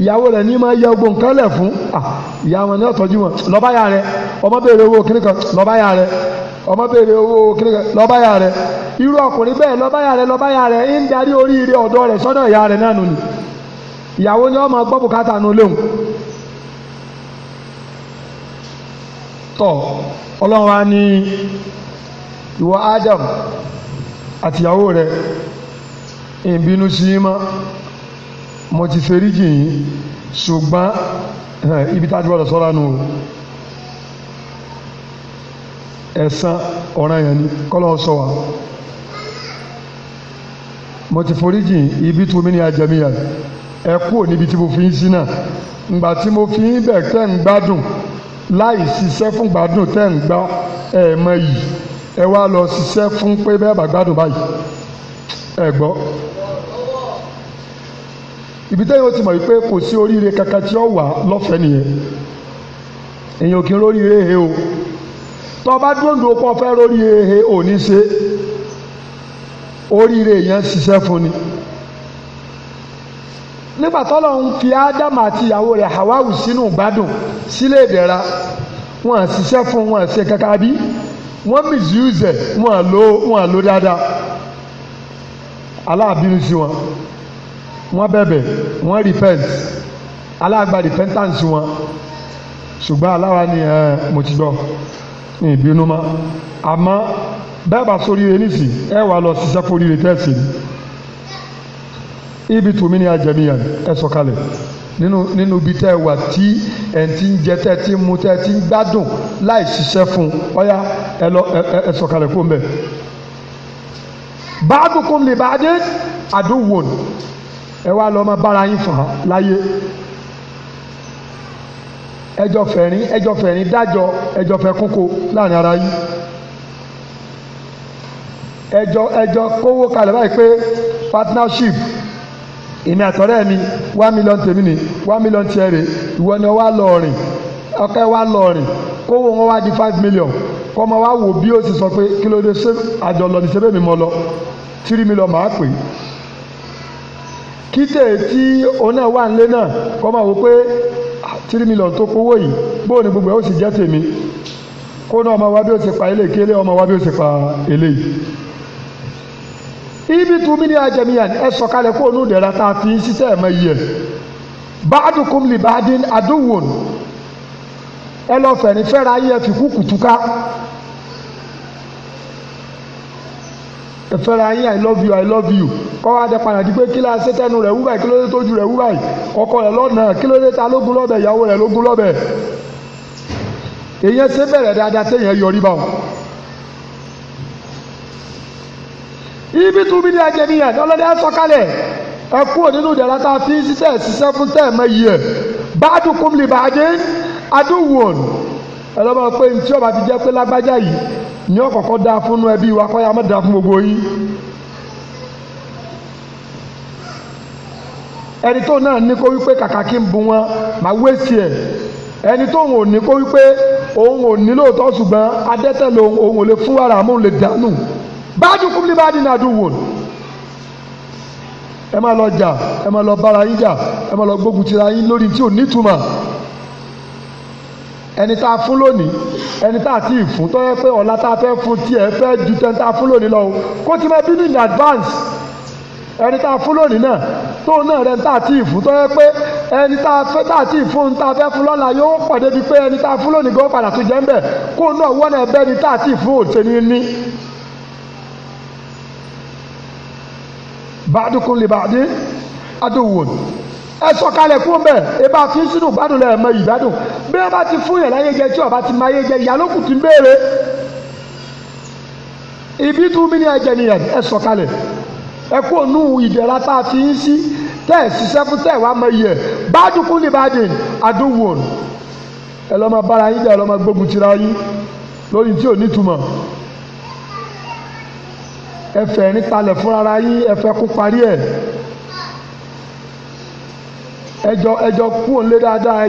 ìyàwó rẹ̀ ní máa yẹ gbogbo nǹkan lẹ̀ fún ah, ìyá wọn ní ọ̀tọ́jú wọn lọ́báyà rẹ ọmọ owó kíníkan lọ́báyà rẹ ọmọ owó kíníkan lọ́báyà rẹ irú ọkùnrin bẹ́ẹ̀ lọ́báyà rẹ rẹ ń darí oríire ọ̀dọ́ sọ́dọ̀ ìyá náà ìyàwó ni ọmọ gbọ́ bùkátà ọlọ́run mo ti ṣeríjì yín ṣùgbọ́n eh, ibi tá a ti gbọ́dọ̀ sọ́ra nù o ẹ̀san ọ̀ràn yẹn ni kọ́lọ́ sọ wa mo ti foríjì ibi tó mi ní ajẹmíyà ẹ kúrò níbi tí mo fi ń sí náà ngbà tí mo fi ń bẹ̀ tẹ́ ń gbádùn láì ṣiṣẹ́ fún gbádùn tẹ́ ń gbá ẹ̀ mọ yìí ẹ wá lọ ṣiṣẹ́ fún pé bẹ́ẹ̀ bá gbádùn báyìí ẹ gbọ́ ibi tẹ́yìn ó ti mọ̀ wípé kò sí oríire kankan tí ó wà lọ́fẹ̀ẹ́ nìyẹn èèyàn kì í rórí ehe o tó o bá dúndùn kó o fẹ́ rórí ehe ò ní ṣe oríire yẹn ṣiṣẹ́ fún ni nígbà tọ́lọ̀ ń fi ádámù àti ìyàwó rẹ̀ hawaù sínú gbádùn sílé ìdẹ̀ra wọn à ṣiṣẹ́ fún wọn à ṣe kankan bí wọ́n misuse wọn à lò dáadáa aláàbínú sí wọn wọ́n bẹ̀bẹ̀ wọ́n repent aláàgbà repentance wọn ṣùgbọ́n aláwa ni ẹ mo ti gbọ́ ní ìbínú mọ́ àmọ́ bẹ́ẹ̀ bá sórí rẹ nísì ẹ wà lọ ṣiṣẹ́ fún oríire tẹ́sí ibi tùmí ni ajẹmí yẹn ẹ sọ̀kalẹ̀ nínú nínú ibi tẹ́ ẹ wà tí ẹ ti ń jẹ tẹ́ ẹ ti ń mu tẹ́ ẹ ti ń gbádùn láì ṣiṣẹ́ fún ọ̀yá ẹ lọ ẹ sọ̀kalẹ̀ fún bẹ́ẹ̀ báàdùn kò lè bá dé àdúwòn ẹ wá ma bara bára yín fàn án láyé ẹjọ fẹ̀rín ẹjọ fẹ̀rín dájọ́ kókó láàrin ara yín ẹjọ ẹjọ́ kówó partnership èmi àtọ̀rẹ́ mi one million tèmi ni one million tiẹ̀ rè ìwọ ni wàá lọ rìn ọkẹ́ lọ rìn kówó wọn wá di five million wa wò bí ó ti sọ pé kí ló mi mọ́ lọ three million pè kite tẹ̀ tí òun náà wà nílé náà kọ́ máa wò pé ah, tó kówó yìí bóun ni gbogbo ẹ̀ ó sì jẹ́ tèmi kó náà ọmọ wa bí ó ti pa ọmọ wa bí ó ti pa ibi tu mi ní ajẹmíyàn ẹ kó onú fi ń ṣiṣẹ́ ẹ̀mọ yìí ẹ̀ báàdùkùn àdúwòn ẹ lọ fi kú ẹ̀fẹ́ra yín i love you i love you kọ́ wa dẹ padà di pé kí la ṣe tẹnu rẹ̀ wú báyìí kí ló dé tójú rẹ̀ wú báyìí ọkọ rẹ̀ lọ́nà kí ló dé ta lógun lọ́bẹ̀ ìyàwó rẹ̀ lógun lọ́bẹ̀ èyàn ṣe bẹ̀rẹ̀ dáadáa téèyàn yọrí báwọn. ibi tún bí ní ajẹ́ nìyẹn lọ́lọ́dẹ sọ̀kalẹ̀ ẹ kúrò nínú ìdára tá a fi ń ṣiṣẹ́ ṣiṣẹ́ fún tẹ́ ẹ̀ mọ iye ẹ̀ báàdù kùmìlì bàdé adúwòn ẹ lọ́ ní ọ̀kọ̀ọ̀kọ́ dá fún ẹbí wa kọ́ ya má dá fún gbogbo yín. ẹni tó náà ní kó wípé kàkà kí n bu wọn màá wéṣì ẹ ẹni tó òun ò ní kó wípé òun ò ní lóòótọ́ ṣùgbọ́n adẹ́tẹ̀lẹ̀ òun ò lè fún wàrà àmọ́ lè dànù bájú kúmílì bá dín nàdú wò ẹ má lọ jà ẹ má lọ bára yín jà ẹ má lọ gbógun tira yín lórí tí ò nítumọ̀ ẹni tá a fún lónìí ẹni tá a ti fún tó yẹ pé ọ̀la tá a fẹ́ fún tiẹ̀ fẹ́ ju tẹ́ni tá a fún lónìí lọ kó ti máa bínú in advance ẹni tá a fún lónìí náà tóun náà rẹ̀ ń tá a ti fún tó yẹ pé ẹni tá a fẹ́ tá a ti fún tá a fẹ́ fún lọ́la yóò pàdé bíi pé ẹni tá a fún lónìí gan padà tó jẹ́ ń bẹ̀ kó náà wọ́n náà bẹ́ni tá a ti fún òtẹ́ni ní. bàdùkún lè bàdí adùn wò ni ẹ sọ̀kalẹ̀ kú bẹ ẹ bá fi sínú gbádùn lẹ mọ ìgbádùn bí wọn bá ti fún yẹn láyé jẹ tí ọba ti máa yé jẹ ìyá lókùn ti ń béèrè ibi tún mi ní ẹjẹ nìyẹn ẹ sọ̀kalẹ̀ ẹ kó nù ìdẹ̀ra tá a fi ń sí tẹ́ ẹ ṣiṣẹ́ fún tẹ́ ẹ wá mọ iyẹ bádùn kú ní bádùn àdúwò ẹ lọ́ máa bára yín dẹ́ ẹ lọ́ máa gbógun tira yín lórí tí ò ní túmọ̀ ẹ fẹ̀rín talẹ̀ fúnra yín ẹ fẹ́ kó parí ẹ̀ ẹjọ ẹjọ kúrò nílé dáadáa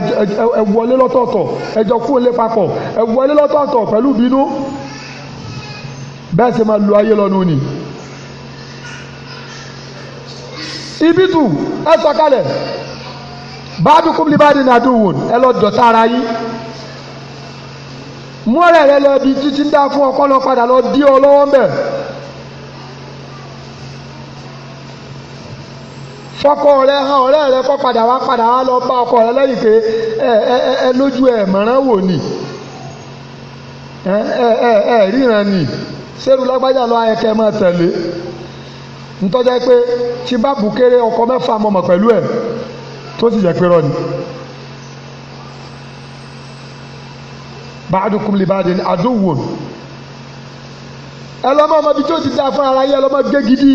ẹ wọlé lọ́tọ̀ọ̀tọ̀ ẹjọ kúrò nílé papọ̀ ẹ wọlé lọ́tọ̀ọ̀tọ̀ pẹ̀lú bínú bẹ́ẹ̀ sì máa lo ayé lọ́nu ni. ibi tù ẹ sọ̀kalẹ̀ báàbí kúmlí báàdì náà dùn wòn ẹ lọ dọ̀tá ara yín mú ọ̀rẹ́ rẹ lọ ibi títí ń dá fún ọkọ lọ padà lọ dí ọ lọ́wọ́ mbẹ́. fọkọ rẹ hàn ọ̀rẹ́ rẹ kọ padà wá padà wá lọ bá ọkọ rẹ lẹ́yìn pé ẹ ẹ ẹ lójú ẹ mọ̀ràn wò ni ẹ ẹ ẹ ríran ni sẹ́rù lágbájá lọ ayẹkẹ́ máa tẹ̀lé ntọ́jà pé tí bá bùkéré ọkọ mẹ́fà mọ̀mọ̀ pẹ̀lú ẹ̀ tó sì jẹ́ pé rọ ni. bàdùkùn lè bàdùn ní àdúwò ẹ lọ́mọ ọmọ bíi tí ó ti dáa fún ara yẹ ẹ lọ́mọ gé gidi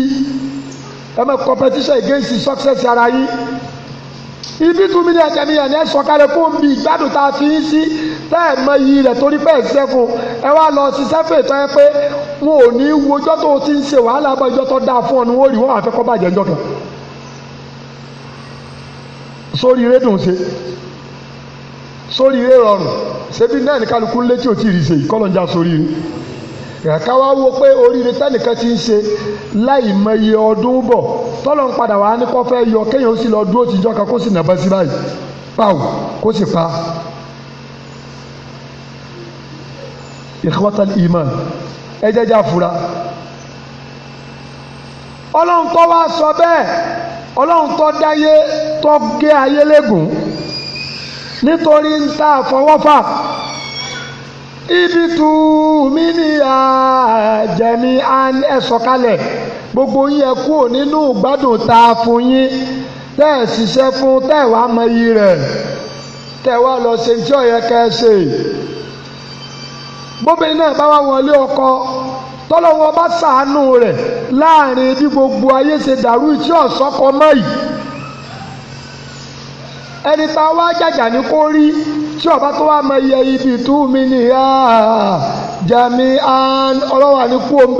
ẹ mọ competition against the success ara yín ibi tún mi ní ẹsẹ̀ mi yẹn ní ẹ̀sọ́ kálẹ̀ kó mi ìgbádùn tá a fi ń sí tẹ́ ẹ̀ mọ iyì rẹ̀ torí pé ẹ̀ ń sẹ́kùn ẹ wá lọ ṣiṣẹ́ fètò ẹ pé wọn ò ní wo ọjọ́ tó o ti ń ṣe wàhálà bọ́ ọjọ́ tó dáa fún ọ ni wọ́n rí wọ́n àfẹ́kọ́ bàjẹ́ ọjọ́ kan sórí eré dùn ṣe sórí eré rọrùn ṣebí náà ní kálukú létí ò tí ì rí ṣe ìkọlọ̀ ń já sórí rí ká wá wo pé oríire tẹ́nìkan ti ń ṣe láì mọye ọdún bọ̀ tọ́lọ̀ ń padà wá ní kó fẹ́ yọ kéèyàn ó sì lọ dúró tìjọ́ kan kó sì nàbọ sí báyìí báwo kó sì pa. ìkọ́tàn iman ẹ jẹ́jà fura ọlọ́run tó wá sọ bẹ́ẹ̀ ọlọ́run tó dáyé tó gé ayé lẹ́gùn nítorí ń ta àfọwọ́fà ibitu mi ni àjẹmí an sọ̀kalẹ̀ gbogbo yín ẹ kúrò nínú gbádùn tá a fún yín tẹ́ ẹ ṣiṣẹ́ fún tẹ́ ẹ wá mọ iyì rẹ̀ tẹ́ ẹ wá lọ ṣe tí ọ̀yẹ́ kẹ́ ẹ ṣe bóbìnrin náà bá wá wọlé ọkọ tọ́lọ́wọ́ bá ṣàánú rẹ̀ láàrin bí gbogbo ayé ṣe dàrú tí ọ̀sọ́kọ mọ́ yìí. ẹni tá a wá jàjà ní kó rí tí ọba tó wá ibi tú mi nìyà jami an ọlọ́wà ní kú òun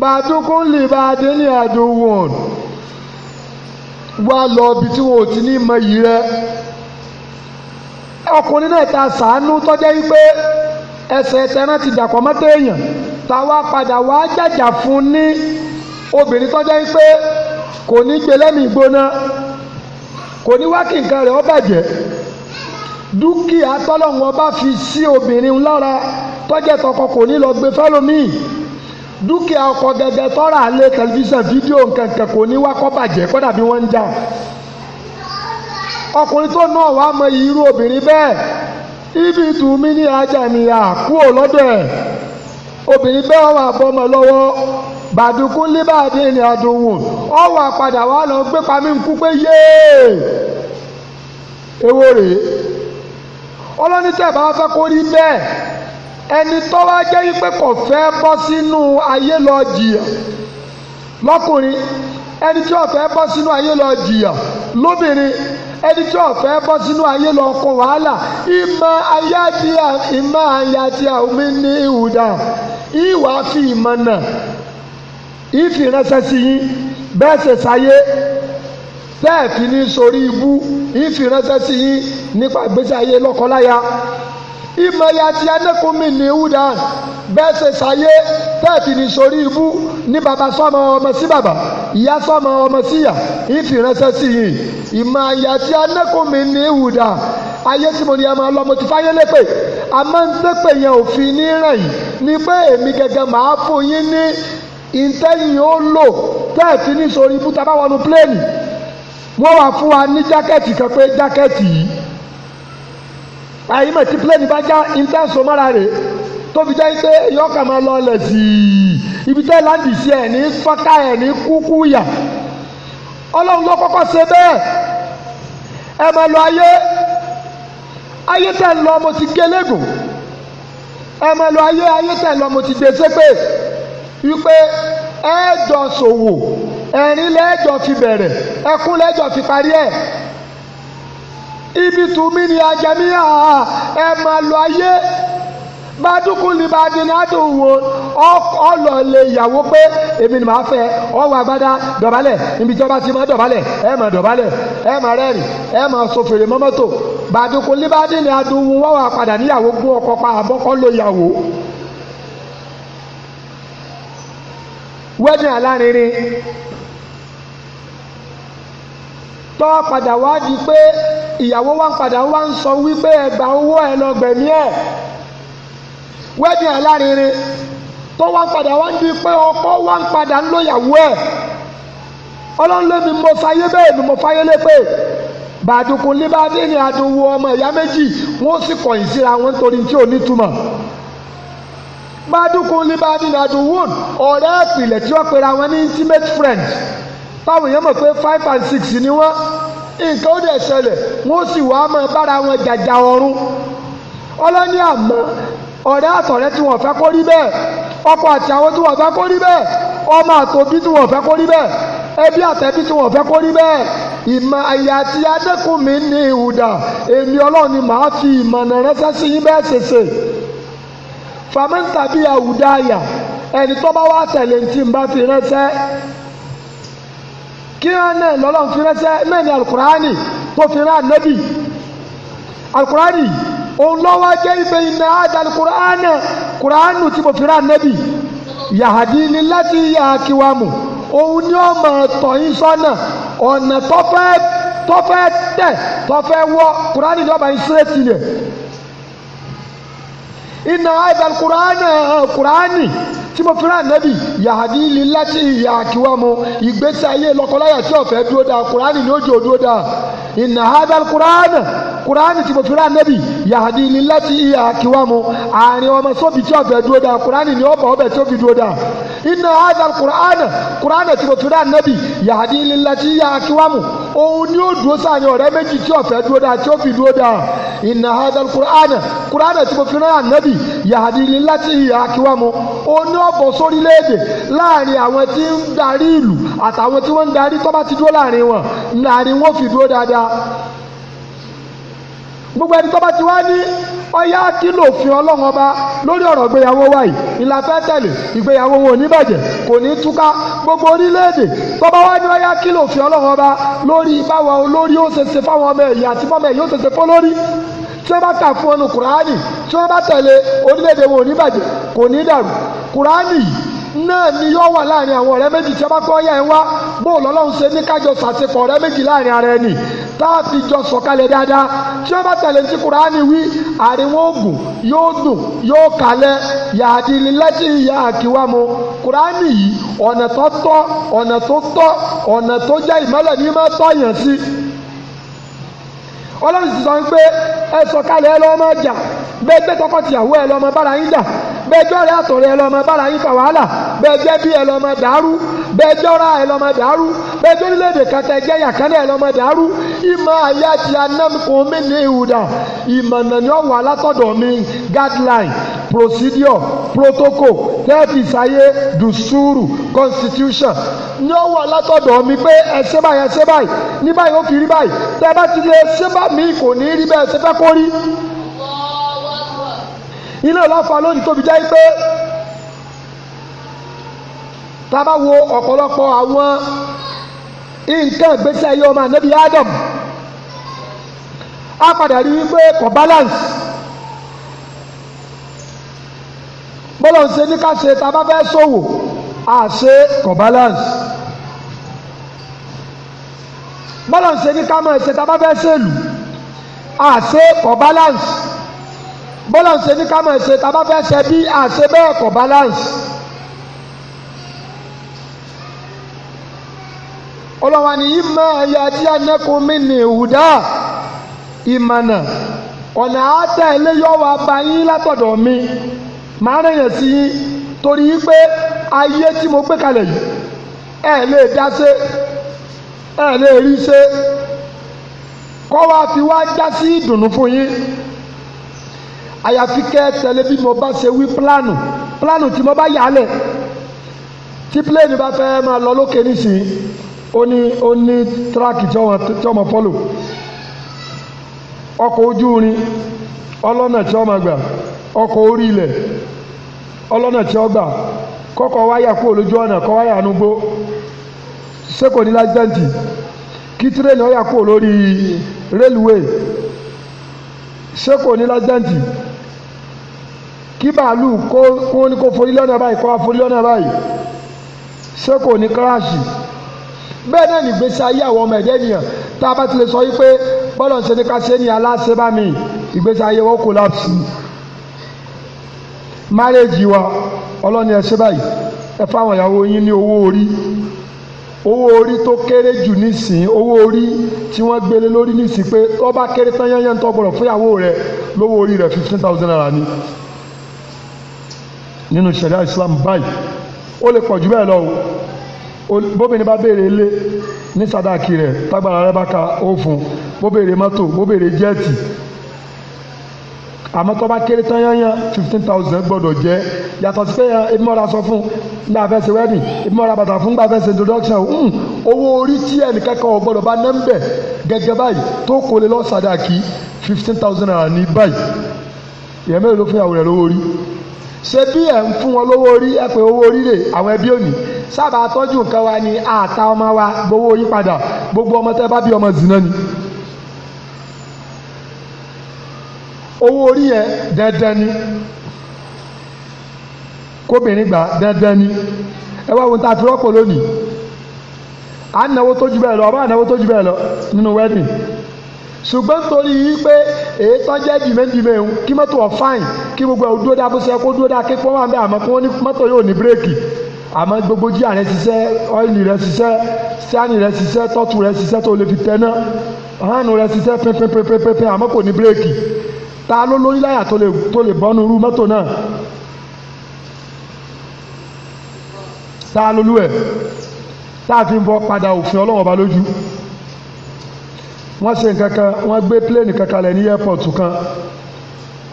bàtúkún lè bá a dé lọ ibi tí wọn ò ti ní mọ yìí rẹ ọkùnrin náà ta sàánú tọ́jà yìí pé tẹran ti dàpọ̀ mọ́tò èèyàn padà wá jàjà fún ní obìnrin kò ní wá kí nǹkan rẹ̀ ó bàjẹ́ dúkìá tọ́lọ́hún ọba fi sí obìnrin lára tọ́jẹ́ tọkọ kò ní lọ gbé fẹ́lómìn dúkìá ọkọ gẹ́gẹ́ tọ́ra alẹ́ tẹlifíṣàn fídíò nkankan kò ní wá kọ́ bàjẹ́ kọ́ dàbí wọ́n ń jà ọkùnrin tó náà wàá mọ irú obìnrin bẹ́ẹ̀ ibi tù mí ní ajá mi àkúò lọ́dọ̀ ẹ̀ obìnrin bẹ́ẹ̀ wà bọ́ ọmọ lọ́wọ́ bàdùkún líbàdí ni àdùnwò ọ wà padà wà lọ gbé pamí nkú pé yé èwo rèé ọlọ́ni tẹ̀ bá fẹ́ kó rí bẹ́ẹ̀ ẹni tó wá jẹ́ wípé kò fẹ́ bọ́ sínú ayé lọ jìyà lọ́kùnrin ẹni tí bọ́ sínú ayé lọ jìyà lóbìnrin ẹni tí ìfì ránṣẹ́ sí yín bẹ́ẹ̀ ṣe ṣayé tẹ́ẹ̀fì ní sórí ibú ìfì ránṣẹ́ sí yín nípa ìgbésí ayé lọ́kọláya ìmọ̀ya ti anẹ́kùnmí ní udan bẹ́ẹ̀ ṣe ṣayé tẹ́ẹ̀fì ní sórí ibú ní bàbá sọ́mọ ọmọ sí bàbá ìyá sọ́mọ ọmọ sí ìyá ìfì ránṣẹ́ sí yín ìmọ̀ya ti anẹ́kùnmí ní udan ayé tí mo ní ẹ máa ti fáyé lépè àmọ́ ń tẹ́pẹ̀ yẹn òfin ní ràn yìí ni pé èmi gẹ́gẹ́ màá fún yín ní ìtẹ́yìn ó lò tẹ́ẹ̀fì nítorí fún tabáwọnú pléènì wọ́n wà fún wa ní jákẹ́ẹ̀tì kan pé jákẹ́ẹ̀tì yìí àyìnbó tí pléènì bá já ìtẹ́sùn mọ́ra rè tó fi jẹ́ pé yọkàn máa lọ lẹ̀ sí i ibi tẹ́ láǹdì sí ẹ̀ ní fọ́ká ẹ̀ ní kúkú yà ọlọ́run ló kọ́kọ́ ṣe bẹ́ẹ̀ ẹ máa lọ ayé ayé tẹ̀ lọ mo ti gé lẹ́gùn ẹ máa lọ ayé ayé tẹ̀ lọ mo ti dé sépè wípé ẹ̀ẹ́dọ̀ ṣòwò ẹ̀rín lẹ́ẹ̀jọ fi bẹ̀rẹ̀ ẹkún lẹ́ẹ̀jọ fi parí ẹ̀ ibi tùmí ni ajẹmíà ẹ máa lọ ayé gbadukun ni badinadu wo ọlọ le yàwó pé èmi ni màá fẹ́ ọwọ́ agbada dọ̀bálẹ̀ níbi ìjọba ti máa dọ̀bálẹ̀ ẹ máa dọ̀bálẹ̀ ẹ máa rẹ́rìn ẹ máa so fèrè mọ́mọ́tò gbadukun ni badinadu wo wọ́n wà níyàwó gún ọkọ̀ pa àbọ̀kọ́ lọ yàwó. wedding alárinrin tọ́ padà wá di pé ìyàwó wa ń padà wá ń sọ wípé ẹgbà owó ẹ lọ gbẹ̀mí ẹ̀ wedding alárinrin tó wá padà wá ń di pé ọkọ wá ń padà ń lóyàwó ẹ̀ ọlọ́run mo fayé bẹ́ẹ̀ ni mo fayé lépè ọmọ ìyá méjì wọ́n sì kọ̀yìn síra wọn torí tí ò ní gbádùkún libadin adùnwòn ọ̀rẹ́ ìpìlẹ̀ tí wọ́n pera wọn ní intimate friend táwọn èèyàn mọ̀ pé five and six ni wọ́n nǹkan ó dẹ̀ ṣẹlẹ̀ wọ́n sì wá mọ́ bára wọn jàjà ọ̀run ọlọ́ní àmọ́ ọ̀rẹ́ àtọ̀rẹ́ tí wọ́n fẹ́ kó rí bẹ́ẹ̀ ọkọ àti àwọn tí wọ́n fẹ́ kó rí bẹ́ẹ̀ ọmọ àtòbí tí wọ́n fẹ́ kó rí bẹ́ẹ̀ ẹbí àtẹ̀bí tí wọ́n fẹ́ kó rí bẹ́ẹ̀ ìmọ̀ àyà àti adẹ́kùnmí ní ìhùdà èmi ọlọ́run ni màá fi ìmọ̀nà fàmíntàbí àwùdáyà ẹni tó bá wá tẹ̀lé tí n bá fi ránṣẹ́ kí wọn náà lọ́lọ́ fi ránṣẹ́ mẹ́ni alukurani tó fi rán anabi alukurani òun lọ́wọ́ jẹ́ ibẹ̀ iná àdàlù kurani kurani tí mo fi rán anabi yahadi ni láti yà kíwámù òun ni ó mọ̀ tọ̀yìn sọ́nà ọ̀nà tó fẹ́ tó fẹ́ tẹ̀ kurani ni ọba yìí sílẹ̀ tì iná ibal kuraani kuraani tí mo fira anabi yahadi lilati yakiwa mu ìgbésí ayé lọkọláyà tí ọ̀fẹ́ dúró dáa kuraani ni ó jò dúró dáa iná ibal kuraani kuraani tí mo fira anabi yahadi lilati yakiwa mu àárín ọmọ sóbì tí ọ̀fẹ́ dúró dáa kuraani ni ó bọ̀ ọbẹ̀ tóbi dúró dáa iná ibal kuraani kuraani tí mo fira anabi yahadi lilati yakiwa òun ni ó dúró sáàyè ọ̀rẹ́ méjì tí ó fẹ́ dúró dáa tí ó fi dúró dáa ìnà hadal kur'an kur'an tí mo fi rán ànábì yahadili láti ìhà akíwámu òun ni ó bọ̀ sórílẹ̀-èdè láàrin àwọn tí ń darí ìlú àtàwọn tí wọ́n ń darí tọ́ba ti dúró láàrin wọn láàrin wọn fi dúró dáadáa gbogbo ẹni tọ́ba ti wá ní ọyá kí lòfin ọlọ́run ọba lórí ọ̀rọ̀ ìgbéyàwó wa yìí ìlà fẹ́ tẹ̀lé ìgbéyàwó wọn ò ní bàjẹ́ kò ní túká gbogbo orílẹ̀-èdè bọ́bá wá ní ọyá kí lòfin ọlọ́run ọba lórí báwọn olórí ó ṣe ṣe fáwọn ọmọ ẹ̀yà àti fọ́mọ ẹ̀yà ó ṣe ṣe fọ́lórí tí wọ́n bá kà fún ọnu kùránì tí wọ́n bá tẹ̀lé orílẹ̀-èdè wọn ò ní bàjẹ́ kò ní dàrú kùránì yìí náà ni yóò wà láàrin àwọn ọ̀rẹ́ méjì tí a bá gbọ́ yà ẹ̀ wá bóòlù ọlọ́run ṣe ní kájọ ṣàṣepọ̀ ọ̀rẹ́ méjì láàrin ara ẹni tá a fi jọ sọ̀kalẹ̀ dáadáa tí wọ́n bá tẹ̀lé ti Kùránì wí àríwọ̀n ògùn yóò dùn yóò kalẹ̀ yàtí lẹ́tì ìyá àkíwá mu Kùránì yìí ọ̀nà tó tọ́ ọ̀nà tó tọ́ ọ̀nà tó jẹ́ ìmọ́lẹ̀ ní má tọ̀yàn sí ọlọ́run sì sọ pé ẹ sọ̀kalẹ̀ ẹ lọ́ọ́ má jà bẹ́ẹ̀ gbé tọkọ-tìyàwó ẹ lọ́mọ bára yín jà bẹ́ẹ̀ jọ́rẹ́ àtọ̀rẹ́ ẹ lọ́mọ bára yín fa wàhálà bẹ́ẹ̀ jẹ́ bí ẹ lọ́mọ dàrú bẹ́ẹ̀ jọ́ra ẹ lọ́mọ dàrú bẹ́ẹ̀ jẹ́ orílẹ̀-èdè ẹ jẹ́ yàkánlẹ̀ ẹ lọ́mọ dàrú ìmọ̀ ayé àti anamkùn mi ní ìhùdà ìmọ̀nà ni ó wà mi guideline procedure protocol tẹ́ẹ̀fì sáyé dùsúrù constitution ni ó wà látọ̀dọ̀ mi pé ẹ ṣe báyìí ẹ ṣe báyìí ní báyìí ó fi rí báyìí tẹ́ bá ti lè ṣe bá mi kò ní rí bẹ́ẹ̀ ṣe fẹ́ kó ilé ọlọ́fà lónìí tóbi jẹ́ pé tá a bá wo ọ̀pọ̀lọpọ̀ àwọn nǹkan ìgbésí ayé ọmọ ànábì Adam á padà rí wípé kò balance bọ́lọ̀ ń ṣe ní ká ṣe tá fẹ́ ṣòwò à ṣe kò balance bọ́lọ̀ ń ṣe ní ká máa ṣe tá fẹ́ ṣèlú à ṣe kò balance. bọ́lá ń ní ká máa ṣe tá fẹ́ ṣe bí àṣẹ bẹ́ẹ̀ kò balance. ọlọ́wà ni yìí máa ya tí anẹ́kùn ní ìwúdá ìmọ̀nà ọ̀nà àátẹ̀ eléyọ̀wọ̀ abayín látọ̀dọ̀ mi máa sí torí pé ayé tí wa fi wá sí àyàfi kẹ́ tẹ̀lé bí mo bá ṣe wí pílánù pílánù tí mo bá yálẹ̀ tí pílẹ̀nì bá fẹ́ máa lọ lókè nísìnyí ó ní ó ní tíráàkì tí ọmọ fọ́lò ọkọ̀ ojú irin ọlọ́nà tí ọmọ gbà ọkọ̀ orí ilẹ̀ ọlọ́nà tí ó gbà kọ́kọ́ wáyà kúrò lójú ọ̀nà kọ́ wáyà ànúgbó ṣé kò ní lájẹ́ǹtì kí tírẹ̀nì ọ̀yà kí bàálù kó wọn ní kó forí lọ́nà báyìí kó wá forí lọ́nà báyìí ṣé kò ní kíláàsì bẹ́ẹ̀ náà nìgbésí ayé àwọn ọmọ ẹ̀dẹ́ nìyàn tá a bá ti lè sọ yí pé bọ́lọ̀ ń ṣe ní ká ṣe aláṣẹ bá mi ìgbésí ayé wọn kòlápsì márẹ́jì wa ọlọ́ni ẹ ṣe báyìí ẹ fáwọn ìyàwó yín ní owó orí owó orí tó kéré jù nísìn owó orí tí wọ́n gbélé lórí nísìn pé ọba kéré tán yányán tó gbọ́dọ̀ fún ìyàwó lówó orí rẹ̀ fifteen thousand naira ni nínú ṣẹ̀ríà Islam báyìí ó lè pọ̀ jù bẹ́ẹ̀ lọ o bóbìnrin bá béèrè ilé ní sàdáàkì rẹ̀ tágbára rẹ̀ bá ka ó fún bó béèrè mọ́tò bó béèrè jẹ́ẹ̀tì àmọ́ bá kéré tán yányán fifteen thousand gbọ́dọ̀ jẹ́ yàtọ̀ sí pé ebi mọ́ra sọ fún nígbà fẹ́ ṣe wedding ebi mọ́ra bàtà fún nígbà fẹ́ introduction hmm, owó orí tí ẹnìkẹ́kọ̀ọ́ gbọ́dọ̀ bá ná ń bẹ̀ gẹ́gẹ́ báyìí tó kò lè lọ sàdáàkì fifteen thousand naira ní báyìí ìyẹn mẹ́rin ló fún ìyàwó rẹ̀ lówó orí ṣe bí ẹ̀ ń fún wọn lówó orí ẹ pé owó orí rè àwọn ẹbí òní ni àta ọmọ wa gbowó gbogbo ọmọ tẹ́ bá bí ọmọ zìnà ni. owó orí yẹn dandan ni kóbìnrin gbà dandan ni ẹ wá ohun tá a fi rọ́pò lónìí à ń náwó bẹ́ẹ̀ lọ ọba à ń náwó ṣùgbọ́n torí yìí pé èyí tó jẹ́ dìmẹ́dìmẹ́ ń kí mọ́tò ọ̀ fáìn kí gbogbo ẹ̀ dúró dáa bó ṣe kó dúró dáa kí pọ́n wà ń bẹ́ àmọ́ kí wọ́n ní mọ́tò yóò ní bírèkì àmọ́ gbogbo jí àrẹ ṣiṣẹ́ ọ́ìlì rẹ ṣiṣẹ́ sẹ́ni rẹ ṣiṣẹ́ tọ́tù rẹ ṣiṣẹ́ tó lè fi tẹ́ná hánù rẹ ṣiṣẹ́ pínpínpínpínpín àmọ́ kò ní bírèkì ta ló lórí láyà tó lè tó lè bọ́nu irú mọ́tò náà ta lolú ẹ̀ tá a fi ń bọ́ padà òfin ọlọ́wọ́ba lójú wọ́n ṣe nǹkan kan wọ́n gbé pléènì kankan lẹ̀ ní airport kan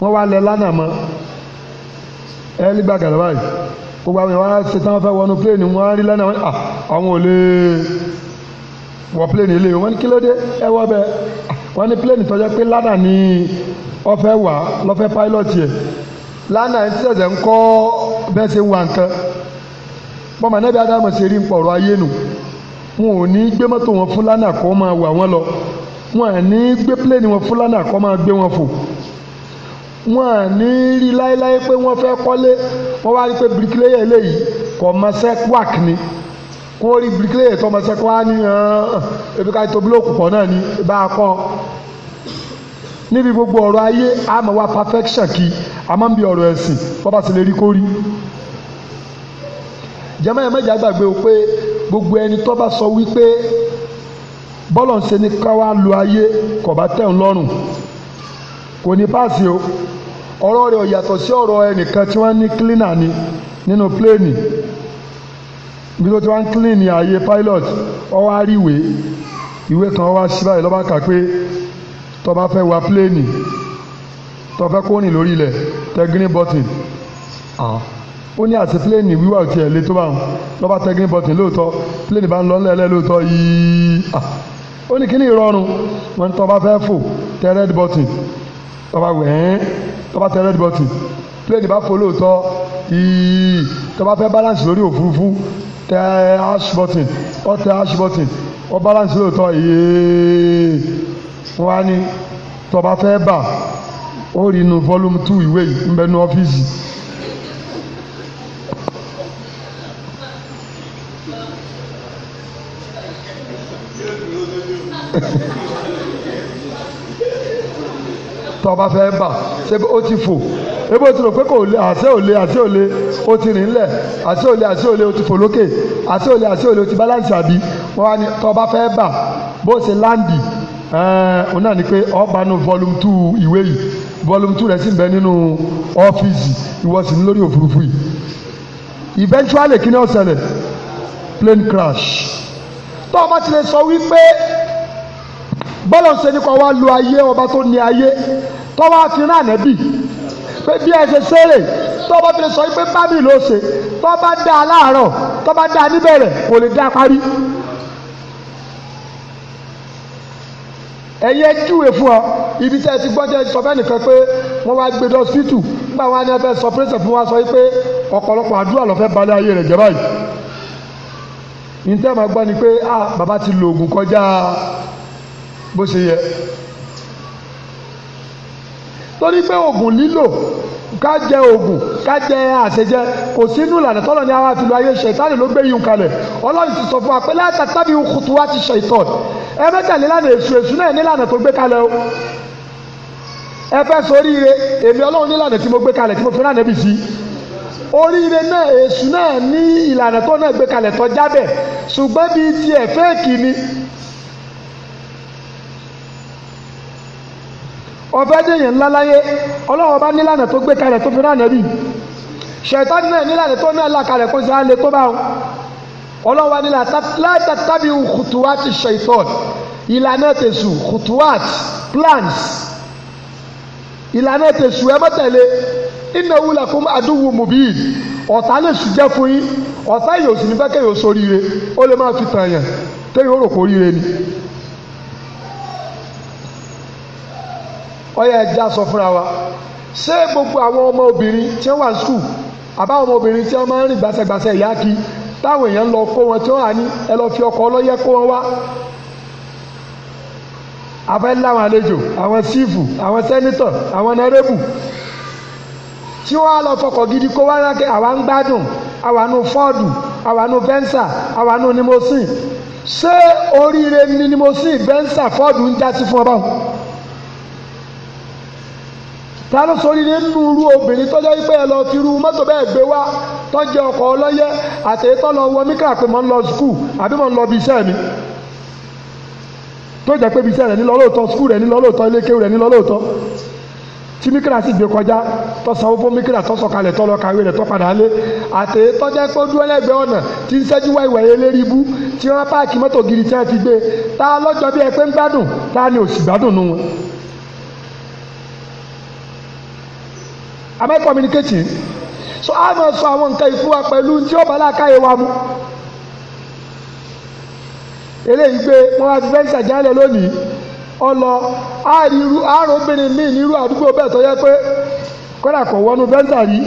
wọ́n wá lẹ lánàá mọ́ ẹ nígbà gàdá báyìí gbogbo àwọn èèyàn wá ṣe tán fẹ́ wọnú wọ́n á rí lánàá wọ́n ah, àwọn ò lè wọ dé ẹ bẹ ní ni ọfẹ wa nǹkan bọ́mọ nẹ́bí adamu ṣe rí ń pọ̀rọ̀ ayé nù wọn ò ní gbé mọ́tò wọn fún lánàá kó máa wà lọ wọn à ní gbé pléènì wọn fúlàní àkọ́ máa gbé wọn fò wọn à ní rí láéláé pé wọ́n fẹ́ kọ́lé wọ́n wá rí pé bíríkìlẹ́yà eléyìí kò mọṣẹ́ wàk ni kó rí bíríkìlẹ́yà tó mọṣẹ́ kó wá ní ebi ká tó búlọ́ọ̀kù pọ̀ náà ni bá a kọ́ níbi gbogbo ọ̀rọ̀ ayé a máa wá perfection kí a máa ń bi ọ̀rọ̀ ẹ̀sìn wọ́n bá sì lè rí kó jẹ́mọ́ ẹ̀ mẹ́jà gbàgbé o pé gbogbo ẹni tó bá sọ wípé bọ́lọ̀ ń ṣe ní ká wá lu ayé kò bá lọ́rùn kò ní páàsì o ọ̀rọ̀ rẹ̀ ò yàtọ̀ sí ọ̀rọ̀ ẹnìkan tí wọ́n ní cleaner ni nínú pléènì bí tó ti wá ń clean ààyè pilot ọ wá rí ìwé ìwé kan wá sí báyìí lọ́ba kà pé tó bá fẹ́ wa pléènì tó fẹ́ kó rìn lórí ilẹ̀ tẹ green button ah. ó ní àti pléènì wíwà tiẹ̀ lé tó bá wọn lọ́ba tẹ green button lóòótọ́ pléènì bá ń lọ ńlẹ́ẹ̀lẹ́ lóòótọ́ yìí. Ah ó ní kíní ìrọ̀rùn wọn tó bá fẹ́ fò tẹ red button tó bá wẹ̀ ẹ́ tó tẹ red button plane bá fò lóòótọ́ yìí tó bá fẹ́ balance lórí òfurufú tẹ ash button ó tẹ ash button ó balance lóòótọ́ yìí wọ́n á ní tó bá fẹ́ bà ó rí inú volume two ìwé yìí ń bẹ ní ọ́fíìsì. tọ́ba fẹ́ bà ṣé ó ti fò ebi o ti rò pé kò le àṣẹ ò le àṣẹ ò le o ti rìn lẹ̀ àṣẹ ò le àṣẹ ò le o ti fò lókè àṣẹ ò le àṣẹ ò le o ti balance àbí wọ́n wá ní tọ́ba fẹ́ bà bó ṣe láǹdì eh, òun náà ni pé ọba nu volume two ìwé yìí volume two rẹ̀ sì ń bẹ nínú ọ́fíìsì ìwọ sì ń lórí òfurufú yìí eventually kí ni ó ṣẹlẹ̀ plane crash tọ́ba ti lè sọ wípé bọ́lọ̀ ṣe ní kọ́ wá lu ayé ọba tó ní ayé kọ́ wá fi rán ànẹ́bì pé bí ẹ ṣe ṣeré tọ́ba fi sọ pé bámi ló ṣe tọ́ba dá a láàárọ̀ tọ́ba dá a níbẹ̀rẹ̀ kò lè dá a parí. ẹ̀yẹ júwe fún ọ ibi tẹ́ ẹ ti gbọ́ jẹ́ sọ fẹ́ nìkan pé wọ́n wá gbé lọ síìtù nígbà wọn ni wọ́n fẹ́ sọ pírẹ́sẹ̀ fún wa sọ pé ọ̀pọ̀lọpọ̀ àdúrà lọ́fẹ́ balẹ̀ ayé rẹ̀ jẹ́ báyìí. ní tẹ́ gbọ́ ni pé ah bàbá ti lo oògùn kọjá bó ṣe yẹ torí pé oògùn lílò ká jẹ oògùn ká jẹ àṣejẹ kò sínú ìlànà tọ́lọ̀ ní ara àfihàn ayé ṣètánì ló gbé yìí kalẹ̀ ọlọ́run ti sọ fún wa pé láti tábí kutu wá ti ṣètọ́n ẹ mẹ́tẹ̀lé lánàá èṣù èṣù náà nílànà tó gbé kalẹ̀ o ẹ fẹ́ ṣoríire èmi ọlọ́run nílànà tí mo gbé kalẹ̀ tí mo fi ránà bí sí oríire náà èṣù náà ní ìlànà tó náà gbé kalẹ̀ tó jábẹ̀ ṣùgbọ́n bíi tiẹ̀ fẹ́ẹ̀kì ni ọ̀fẹ́ dèèyàn ńlá láyé ọlọ́run ọba nílànà tó gbé kalẹ̀ tó fi rán ànábì ṣẹ̀tàn náà nílànà tó náà là kalẹ̀ kó sì á lè tó bá wọn ọlọ́run wa nílà látàtàbí kùtùwàtì ṣẹ̀tàn ìlànà tẹ̀sù kùtùwàtì plans ìlànà tẹ̀sù ẹ má tẹ̀lé ìnáwó làkún àdúgbò mùbíì ọ̀tá lè sì jẹ́ fún yín ọ̀tá yìí ò sì ní fẹ́ kẹ́yìn ò sóríire ó lè má fi tàn yàn tẹ́yìn ó rò kó ríire ni. ọyẹ ẹja sọ fúnra wa ṣé gbogbo àwọn ọmọ obìnrin tí wọ́n wà skul àbá àwọn obìnrin tí wọ́n máa ń rìn gbàsẹ̀gbàsẹ̀ ìyá kí táwọn èèyàn lọ kó wọn tí wọ́n wà ní ẹ lọ fi ọkọ̀ ọlọ́yẹ kó wọn wá afẹ́ láwọn àlejò àwọn sífù àwọn sẹ́nitọ̀ àwọn nẹ́rẹ́bù tí wọ́n á lọ fọkọ̀ gidi kó wá rákẹ́ àwa ń gbádùn àwa nu fọ́ọ̀dù àwa nu bẹ́ńsà àwa nu nimosin ṣé oríire ni nimosin bẹ́ńsà fọ́ọ̀dù ń já sí fún ọ báwọn ta ló sọ oríire nínú irú obìnrin tọ́jọ́ wípé ẹ lọ́ọ́ fi irú mọ́tò bẹ́ẹ̀ gbé wá tọ́jọ́ ọkọ̀ ọlọ́yẹ àtẹ̀yẹ́tọ́ lọ wọ mí káàpẹ́ mọ́ ń lọ skul àbí mọ́ ń lọ bí iṣẹ́ mi tó jẹ́ pé ibiṣẹ́ rẹ̀ ní lọ́lọ́tọ́ skul rẹ̀ ní lọ́lọ́tọ́ ilékéwù rẹ̀ ní lọ́lọ́tọ́ tí mikira sì gbé kọjá tó sanwó fún mikira tó sọ̀kalẹ̀ tó lọ kàwé rẹ̀ tó padà lé àti tọ́jà pé dúró lẹ́gbẹ̀ẹ́ ọ̀nà tí ń ṣẹ́jú wá ìwà eléri bú tí wọ́n páàkì mọ́tò gidi tí wọ́n fi gbé ta lọ́jọ́ bí ẹ pé ń gbádùn ta ni òsì gbádùn nù wọn. am I communicating so a máa sọ àwọn nǹkan ìfún wa pẹ̀lú tí ó bá láàkáyé wa mu eléyìí gbé wọn àti fẹ́ ṣàjálẹ̀ lónìí ọlọ àrírú àròbìnrin míì nírú àdúgbò bẹ́ẹ̀ tó yẹ pé kódà kò wọnú bẹ́ńtà rí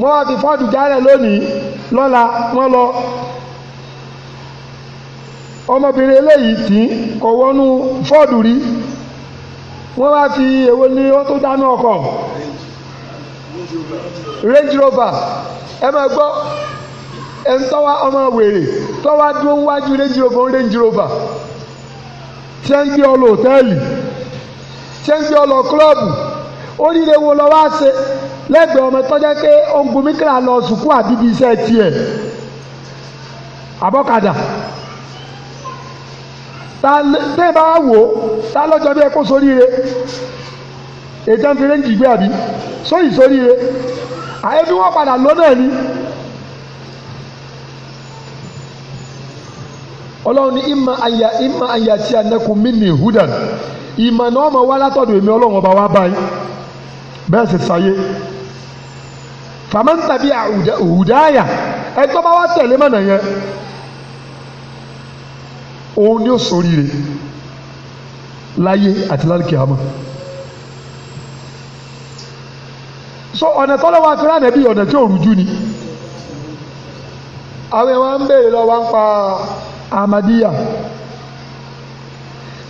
wọn àti fọ́ọ̀dù jálẹ̀ lónìí lọ́la wọn lọ ọmọbìnrin eléyìí tì í kò wọnú fọ́ọ̀dù rí wọn wá fi èwo ni wọn tó dáná ọkọ̀. Range Rover ẹ máa gbọ́ ọmọ wèrè tọ́wá dúró wájú Range Rover Range Rover tí ẹ ń gbé ọ lọ hòtẹ́ẹ̀lì tí ń gbé lọ wo lọ wá lẹ́gbẹ̀ẹ́ ọmọ pé ó lọ sùkú àbíbi iṣẹ́ tiẹ̀ tá bá wò ó tá lọ́jọ́ bí ẹ kó ejan ti renji gbe abi so isori re aye bi won pada lo na ni olohun ni imma ayya imma an yati na minni hudan imma no ma wala to do emi olohun oba wa bayi be se saye faman tabi'a hudaya e to ba wa tele mana yen o ni osori re laye ati lalikiyama. so ọ̀nà tọ́lọ́ wa fi rán ẹ̀bí ọ̀nà tí òrùjú ni àwọn ẹ̀wọ̀n ń béèrè lọ́wọ́ ń pa amadiya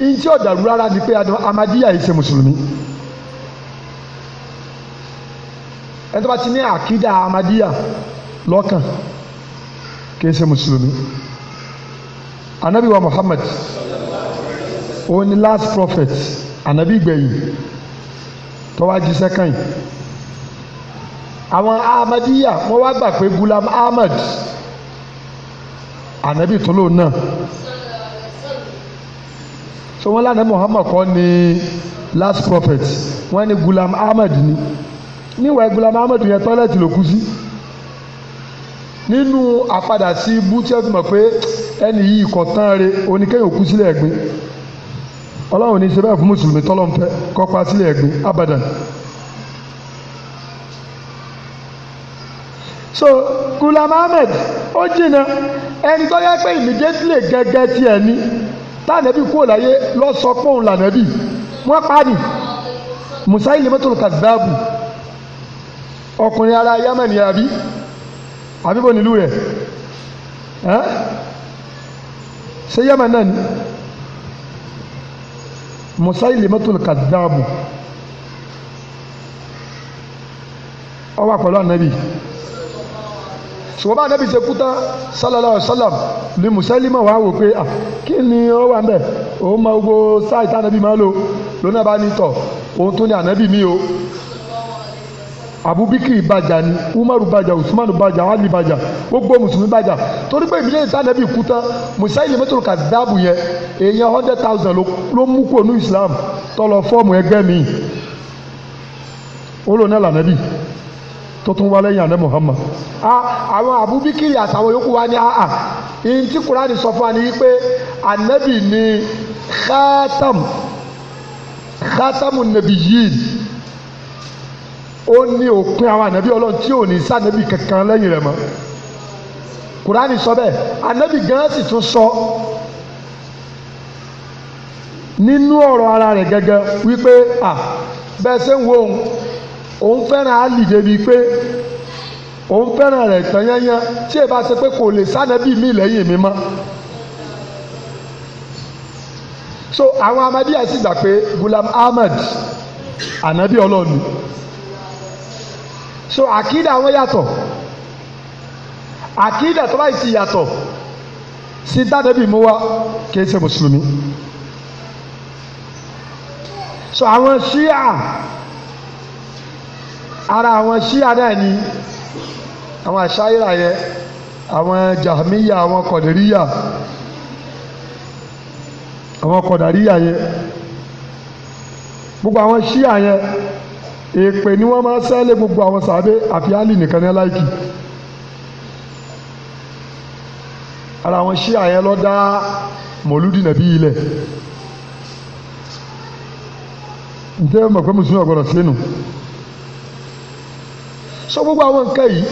n tí ọ̀dàrú rárá ni pé amadiya yìí ṣe mùsùlùmí ẹni tó bá ti ní àkídà amadiya lọ́kàn kìí ṣe mùsùlùmí anabi muhammad òun ni last prophet anabi gbẹ̀yìn tó wá jíṣẹ́ àwọn ahmadiyya wọ́n wá gbà pé gulam ahmed ànábì tó náà so wọ́n lánàá muhammad kọ́ ni last prophet wọ́n ní gulam ahmed ni níwáyé gulam ahmed yẹn tọ́lẹ̀tì ló kú sí nínú àpadà sí ibú tí wọ́n fi mọ̀ pé ẹni yìí kọ̀ tán re oníkẹ́yìn kú sílẹ̀ ẹ̀gbin ọlọ́run ní í fún mùsùlùmí tọ́lọ́mfẹ́ kọ́ pa sílẹ̀ ẹ̀gbin abadan. so Kula Ahmed ó jìnnà ẹni tó yẹ pé immediately gẹ́gẹ́ tiẹ̀ ni tànàbí kúrò láyé lọ sọ pé òun lànàbí wọ́n pa ni Musailimatul Kadhabu ọkùnrin ara Yemen Abi àbí àbíbò nílùú rẹ̀ ẹ́ ṣé Yemen náà ni Musailimatul Kadhabu ó wà pẹ̀lú ànàbí ṣùgbọ́n bá anábì ṣe kú tán sallallahu alaihi wasallam ni Musailima wàá wò pé ah, kí ni ó wà ń bẹ̀ òun mọ gbogbo sáìtì anábì máa lò lónà bá ní tọ̀ òun tún ní anábì mi o abubakar bàjà ni umaru bàjà usman bàjà ali bàjà gbogbo mùsùlùmí bàjà torí pé ìbílẹ̀ ìta nàbí kú tán musaili mẹ́tòrò kà dáàbò yẹn èèyàn hundred thousand ló mú kó nu islam tọlọ fọ́ọ̀mù ẹgbẹ́ mi ó lò náà tó tún wá lẹ́yìn àná Muhammad. àwọn Abubakar àtàwọn yòókù wa ni àà ìyìn tí Kúránì sọ fún wa ni wípé ànábì ni khatam khatamu nabiyyin ó ní òpin àwọn ànábì ọlọ́run tí ò ní sànábì kankan lẹ́yìn rẹ̀ mọ́ Kúránì sọ bẹ́ẹ̀ ànábì gan sì tún sọ nínú ọ̀rọ̀ ara rẹ̀ gẹ́gẹ́ wípé à bẹ́ẹ̀ ṣe ń wo òun òun fẹ́ràn Ali débi pé òun fẹ́ràn rẹ̀ tán yányán tí èbá ṣe pé kò lè sánẹ́bí mi lẹ́yìn mi mọ́ so àwọn Ahmadiyya sì gbà pé Gulam Ahmad ànábì ọlọ́ọ̀ni so àkídà wọn yàtọ̀ àkídà tó báyìí sì yàtọ̀ sí dádẹ́bì mú wa kì í ṣe mùsùlùmí so àwọn ṣíà. ara àwọn ṣíà náà ni àwọn àṣàyíra yẹn àwọn jahamiya àwọn kọ̀dẹ̀ríyà àwọn kọ̀dàríyà yẹn gbogbo àwọn ṣíà yẹn èpè ni wọ́n máa sẹ́lẹ̀ gbogbo àwọn sàbẹ̀ àfi Àlì nìkan ní láìkì ara àwọn ṣíà yẹn lọ dá mọ̀lúdì nàbí ilẹ̀ ǹjẹ́ mọ̀ pé mùsùlùmí ọ̀gbọ́dọ̀ sínú. sọ gbogbo àwọn nǹkan yìí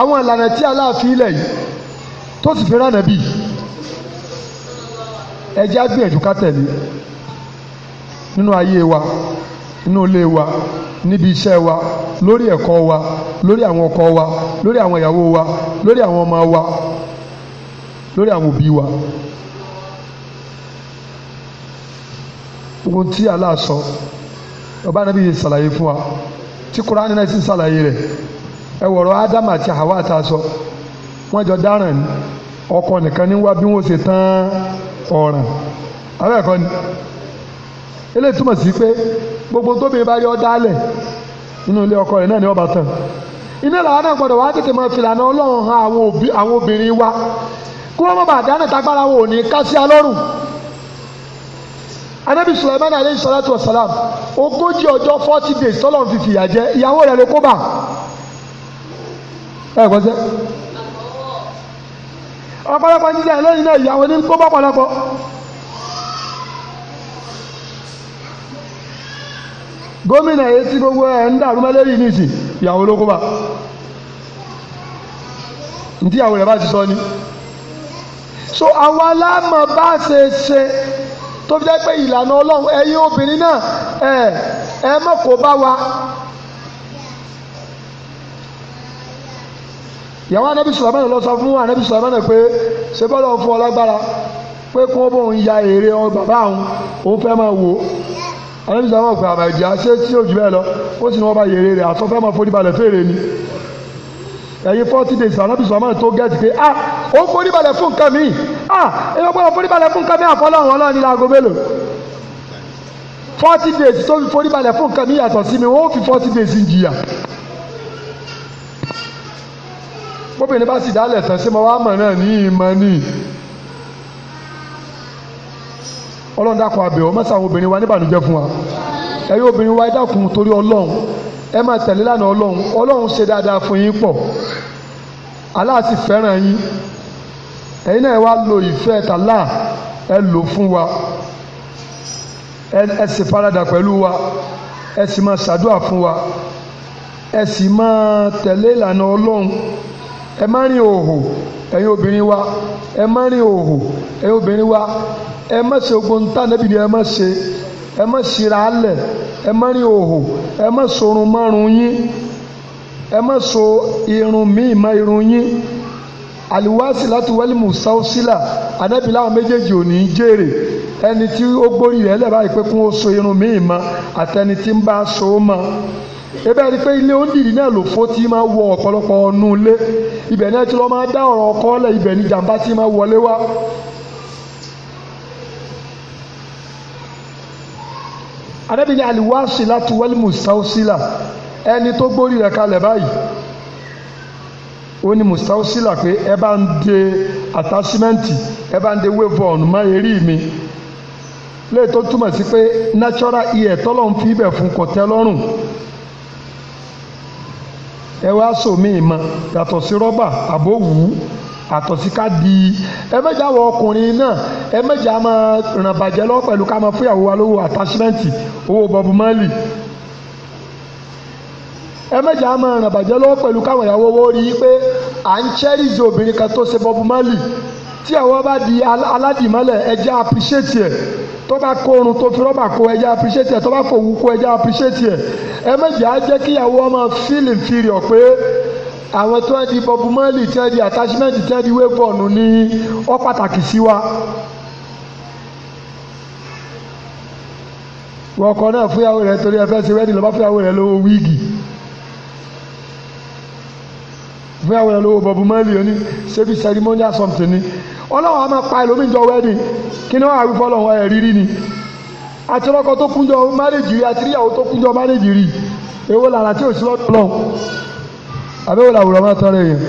àwọn ìlànà tí aláàfin ilẹ̀ yìí tó sì fi rànà bíi ẹjẹ́ àgbìyànjú ká tẹ̀lé nínú ayé wa nínú ilé wa níbi iṣẹ́ wa lórí ẹ̀kọ́ wa lórí àwọn ọkọ wa lórí àwọn ìyàwó wa lórí àwọn ọmọ wa lórí àwọn òbí wa. ohun tí aláàsọ bàbá anábìyẹ ṣàlàyé fún wa. tí kúránì náà sì ṣàlàyé rẹ ẹ wọ̀rọ̀ ádámù àti Háwà àtàsọ wọn jọ dáràn ní ọkọ nìkan ní wá bí wọ́n ṣe tán abẹ́ ẹ̀kọ́ ni eléyìí gbogbo tóbi bá yọ dálẹ̀ nínú ilé ọkọ rẹ̀ náà ni wọ́n tán iná làwọn náà gbọdọ̀ wá tètè ọlọ́run àwọn obìnrin wa kí wọ́n bàa tagbára wo ní anabi sulaiman aleyhi salatu wa salam ogoji ọjọ forty days tọ́lọ́run fi fìyà jẹ ìyàwó rẹ̀ ló kó bà ẹ gbọ́ sẹ́ ọ̀pọ̀lọpọ̀ jíjẹ lẹ́yìn náà ìyàwó ní kó gbogbo ẹ̀ ń dàrú ní ìsìn ló kó so bá tó fi jẹ́ pé ìlànà ọlọ́run ẹ̀yin obìnrin náà ẹ̀ ẹ má kó bá wa. ìyàwó anabi sọlọmọnà lọ sọ fún anabi sọlọmọnà pé ṣe bọ́lá fún ọ lágbára pé kí wọ́n bóun ya èrè ọ bàbá òun òun fẹ́ máa wò ó anabi sọlọmọnà pé àmàjì àṣẹ tí yóò jù bẹ́ẹ̀ lọ ó sì ní wọ́n bá yèrè rẹ̀ àtọ́ fẹ́ máa forí balẹ̀ fèrè ni ẹ̀yin forty days anabi sọlọmọnà tó gẹ́ẹ̀tì pé ah ó forí balẹ̀ fún nǹkan mi ah èèyàn gbọ́dọ̀ forí balẹ̀ fún nǹkan mi àfọlọ́run ọlọ́run ní láago mélòó forty days tó fi forí balẹ̀ fún nǹkan mi yàtọ̀ sí mi wọ́n fi forty days ń jìyà bóbìnrin bá sì dálẹ̀ tán sí mo wá mọ̀ náà ní ìmọ̀ ní ọlọ́run dákun àbẹ̀wò mọ́sàn-án obìnrin wa níbànújẹ́ fún wa ẹ̀yin obìnrin wa ẹ dákun torí ọlọ́run ẹ máa tẹ̀lé lánàá ọlọ́run ọlọ́run ṣe dáadáa fún yín pọ̀ aláà sì fẹ́ràn yín ẹ̀yin náà wá lo ìfẹ́ tàlá ẹ lò fún wa ẹ sì faradà pẹ̀lú wa ẹ sì máa ṣàdúrà fún wa ẹ sì máa tẹ̀lé ìlànà ọlọ́run ẹ má rìn òhò ẹ̀yin obìnrin wa ẹ má rìn òhò ẹ̀yin obìnrin wa ẹ má ṣe ogun tá nẹ́bí ni ẹ má ṣe ẹ má ṣíra alẹ̀ ẹ má rìn òhò ẹ má sorun márùn yín ẹ má so irun míì má irun yín àlùwásílátù wẹ́límù sáúsílà anábì láwọn méjèèjì ò ní í jèrè ẹni tí ó gbórí rẹ̀ lẹ́bàá yìí pé kún ó so irun míì mọ́ àtẹni tí ń bá so ó mọ́ ebe ẹni pé ilé onídìrí náà ló fó tí máa wọ ọ̀pọ̀lọpọ̀ ọ̀nù ilé ibẹ̀ náà tí wọ́n máa dá ọ̀rọ̀ ọkọ lẹ̀ ibẹ̀ ni jàǹbá tí máa wọlé wá. anábì ní àlùwásílátù wẹ́límù sáúsílà ẹni tó gbórí rẹ̀ kalẹ̀ báyìí ó ní musausila pé ẹ bá ń de àtàsímẹ́ǹtì ẹ bá ń de wavebond mọ́ eré mi léyìí tó túmọ̀ sí pé natural ear tọ́lọ́run fi ibẹ̀ fún kò lọ́rùn ẹ wá sòmí ìmọ̀ yàtọ̀ sí rọ́bà àbó wù ú ká di ẹ mẹ́jà wọ ọkùnrin náà ẹ mẹ́jà máa ràn bàjẹ́ lọ́wọ́ pẹ̀lú ká máa wa ẹ mẹ́jà á máa ràn bàjẹ́ lọ́wọ́ pẹ̀lú káwọn ìyàwó owó rí i pé à ń cherish obìnrin kan tó ṣe Bob Marley tí àwọn bá di aládìmọ́lẹ̀ ẹja appreciate ẹ̀ tó bá kó orun tó fi rọ́bà kó ẹja appreciate ẹ̀ tó bá fòwú kó ẹja appreciate ẹ̀ ẹ mẹ́jà á jẹ́ kíyàwó ọmọ feel inferior pé àwọn tí wọ́n di Bob Marley tí wọ́n di attachment tí wọ́n di wégbọ̀nù ni ó pàtàkì sí wa. wọ́n kọ́ náà fúyàwó rẹ̀ torí ẹ fẹ́ ṣe wẹ́ẹ̀dì lọ́ba fúyàwó rẹ̀ lówó wíìgì fún àwọn ẹlòmíràn bọ̀bù mọ́lì ó ní ṣébi ceremonial something ni ọlọ́wọ́ a máa pa ẹlòmíì jọ wedding kí ni wọ́n àwí fọlọ́wọ́ ẹ̀ rírí ni àti ọlọ́kọ tó kúnjọ márèjì rí àti ìyàwó tó kúnjọ márèjì rí èwo làrá tí òṣìṣẹ́ lọ́dọ̀ àbẹ́wò làwùrọ̀ máa tọrọ èèyàn.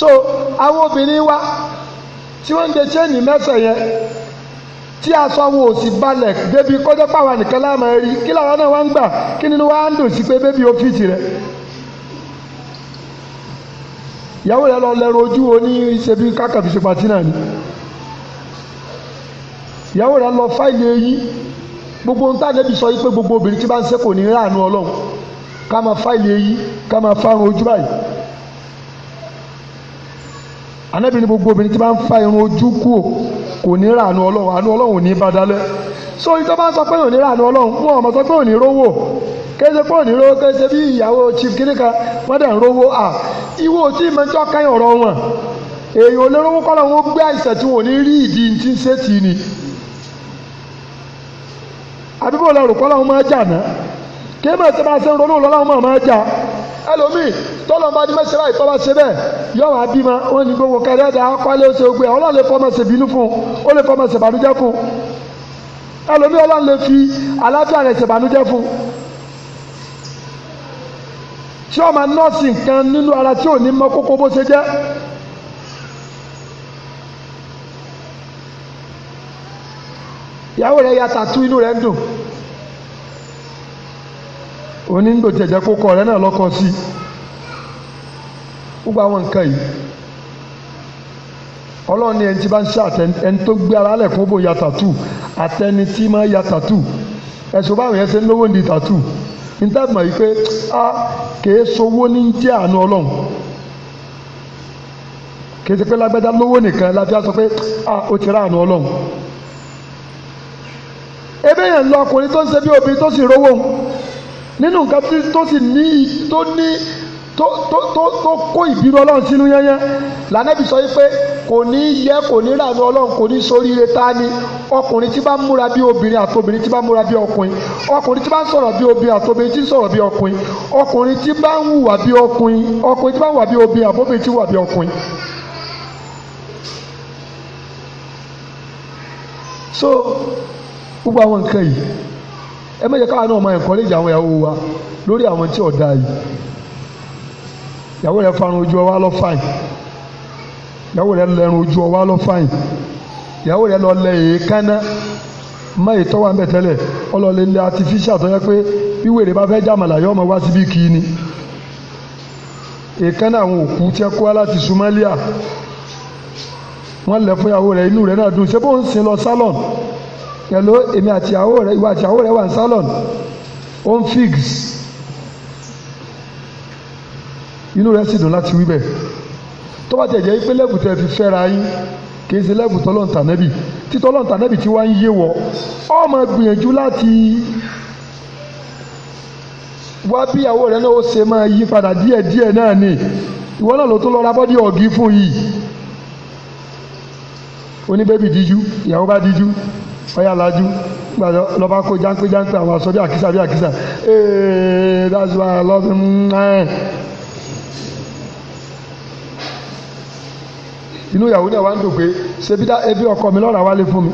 so àwọn obìnrin wa tí wọ́n ń de chain mẹ́sàn yẹn tí aṣọ wọn ò sì balẹ̀ débi kọjá pàwọn nìkan láàmú rí kí làwọn náà wá ń gbà kí nínú wa ń dùn sí pé bébí ọ́fíìsì rẹ̀ ìyàwó rẹ̀ lọ lẹ́rọ ojú oní ṣebí kákàfíṣe pàtí náà ni ìyàwó lọ fáìlì gbogbo ohun sọ yìí gbogbo obìnrin tí bá ń ṣe ní ráàánú ọlọ́run ká máa fáìlì eyín ká gbogbo obìnrin tí bá ń fa kò ní ràánú ọlọ́run àánú ọlọ́run ní bá so ìjọba sọ pé òní ràánú ọlọ́run fún ọmọ sọ pé òní rówó kéde pé òní rówó kéde bí ìyàwó chief kirikan wọ́n dẹ̀ ń rówó à ìwọ tí mo jọ́ kẹ́yìn ọ̀rọ̀ wọn èyí olórówó kọ́ lọ́wọ́ gbé àìsàn tí wọn ò ní rí ìdí tí ń ṣe tì ní àbíbò lọ́rùn kọ́ lọ́wọ́ máa jà náà kéèmọ̀ tí ṣe ń ronú lọ́wọ́ máa jà ẹlòmíì tọ́lọ̀ bá ní mẹ́sẹ̀ báyìí tọ́ba ṣe bẹ́ẹ̀ yọ wá bímọ wọn ní gbogbo kẹrẹ ẹ̀dá akọ́lé ṣe gbé ọlọ́run lè fọmọ ṣe bínú fún ó lè fọmọ ṣe bànújẹ́ fún ẹlòmíì ọlọ́run lè fi àlàáfíà rẹ̀ ṣe bànújẹ́ fún tí ọmọ nọ́ọ̀sì kan nínú ara tí ò ní mọ kókó bó ṣe jẹ́ ìyàwó rẹ̀ ya tàtú inú rẹ̀ ń dùn onígbòtí ẹ̀jẹ̀ kókọ rẹ náà lọ́kọ sí gbogbo àwọn nǹkan yìí ọlọ́run ní ẹni tí bá ń ṣe àtẹni tó gbé ara lẹ̀ kó bò ya tàtù àtẹni tí máa ya tàtù ẹ̀sùn báwọn yẹn ṣe ń lówó ní tàtù níta mọ̀ yìí pé a kèé sowó ní jẹ́ àánú ọlọ́run kèé ṣe pé lágbájá lówó nìkan la fi á sọ pé a ó ti rá àánú ọlọ́run ebe yẹn lọ ọkùnrin tó ń ṣe bí obìnrin tó sì rówó nínú nǹkan tó sì ní tó ní tó kó ìbínú ọlọ́run sínú yẹ́nyẹ́ lànàbì sọ yìí pé kò ní yẹ kò ní ràánú ọlọ́run kò ní soríire ta ni ọkùnrin tí bá ń múra bí obìnrin àtobìnrin tí bá ń múra bí ọkùnrin ọkùnrin tí bá ń sọ̀rọ̀ bí obìnrin àtobìnrin tí ń sọ̀rọ̀ bí ọkùnrin ọkùnrin tí bá ń hùwà bí ọkùnrin ọkùnrin tí bá ń hùwà bí obìnrin àbóbìnrin tí ń bí ọkùnrin. so gbogbo àwọn nǹkan yìí ẹ má jẹ́ káwọn náà máa encourage àwọn ìyàwó wa lórí àwọn tí ọ̀dà yìí ìyàwó rẹ farun ojú ọwá lọ fàìn ìyàwó rẹ lẹrun ojú ọwá lọ fàìn ìyàwó rẹ lọ lẹ èékánná má ètò wà ń bẹ tẹ́lẹ̀ ọlọlẹ ilẹ artificial tó yẹ pé bí wèrè bá fẹ́ jàmàlà yọ ọmọ wá síbí kì í ni èékánná àwọn òkú tí ẹ kó wá láti Somalia wọ́n lẹ̀ fún ìyàwó rẹ inú rẹ náà dùn ṣé bó ń sin lọ salon hello èmi àti ìyàwó rẹ ìwà àti ìyàwó rẹ wà ní salon on figs inú rẹ sì dùn láti wí bẹ́ẹ̀ tó bá tẹ̀ jẹ́ pé lẹ́bù tẹ́ fi fẹ́ra yín kì í ṣe lẹ́bù tọ́lọ́ǹtà nẹ́bì tí tọ́lọ́ǹtà nẹ́bì tí wá ń yé wọ ọmọ gbìyànjú láti wá bí ìyàwó rẹ náà ó ṣe máa yí padà díẹ̀díẹ̀ náà ni ìwọ náà ló tó lọ ra bọ́dí ọ̀gí fún yìí oníbẹ́bí díjú ìyàwó bá díjú ọyà lajú gbàdọ lọba kó jáńpé jáńpé àwọn aṣọ bí àkísà bí àkísà ee eh, that's why I love him ẹ. Eh. inú ìyàwó náà wá ń dùn pé ṣebí dá ebi ọkọ mi lọ́ra wálé fún mi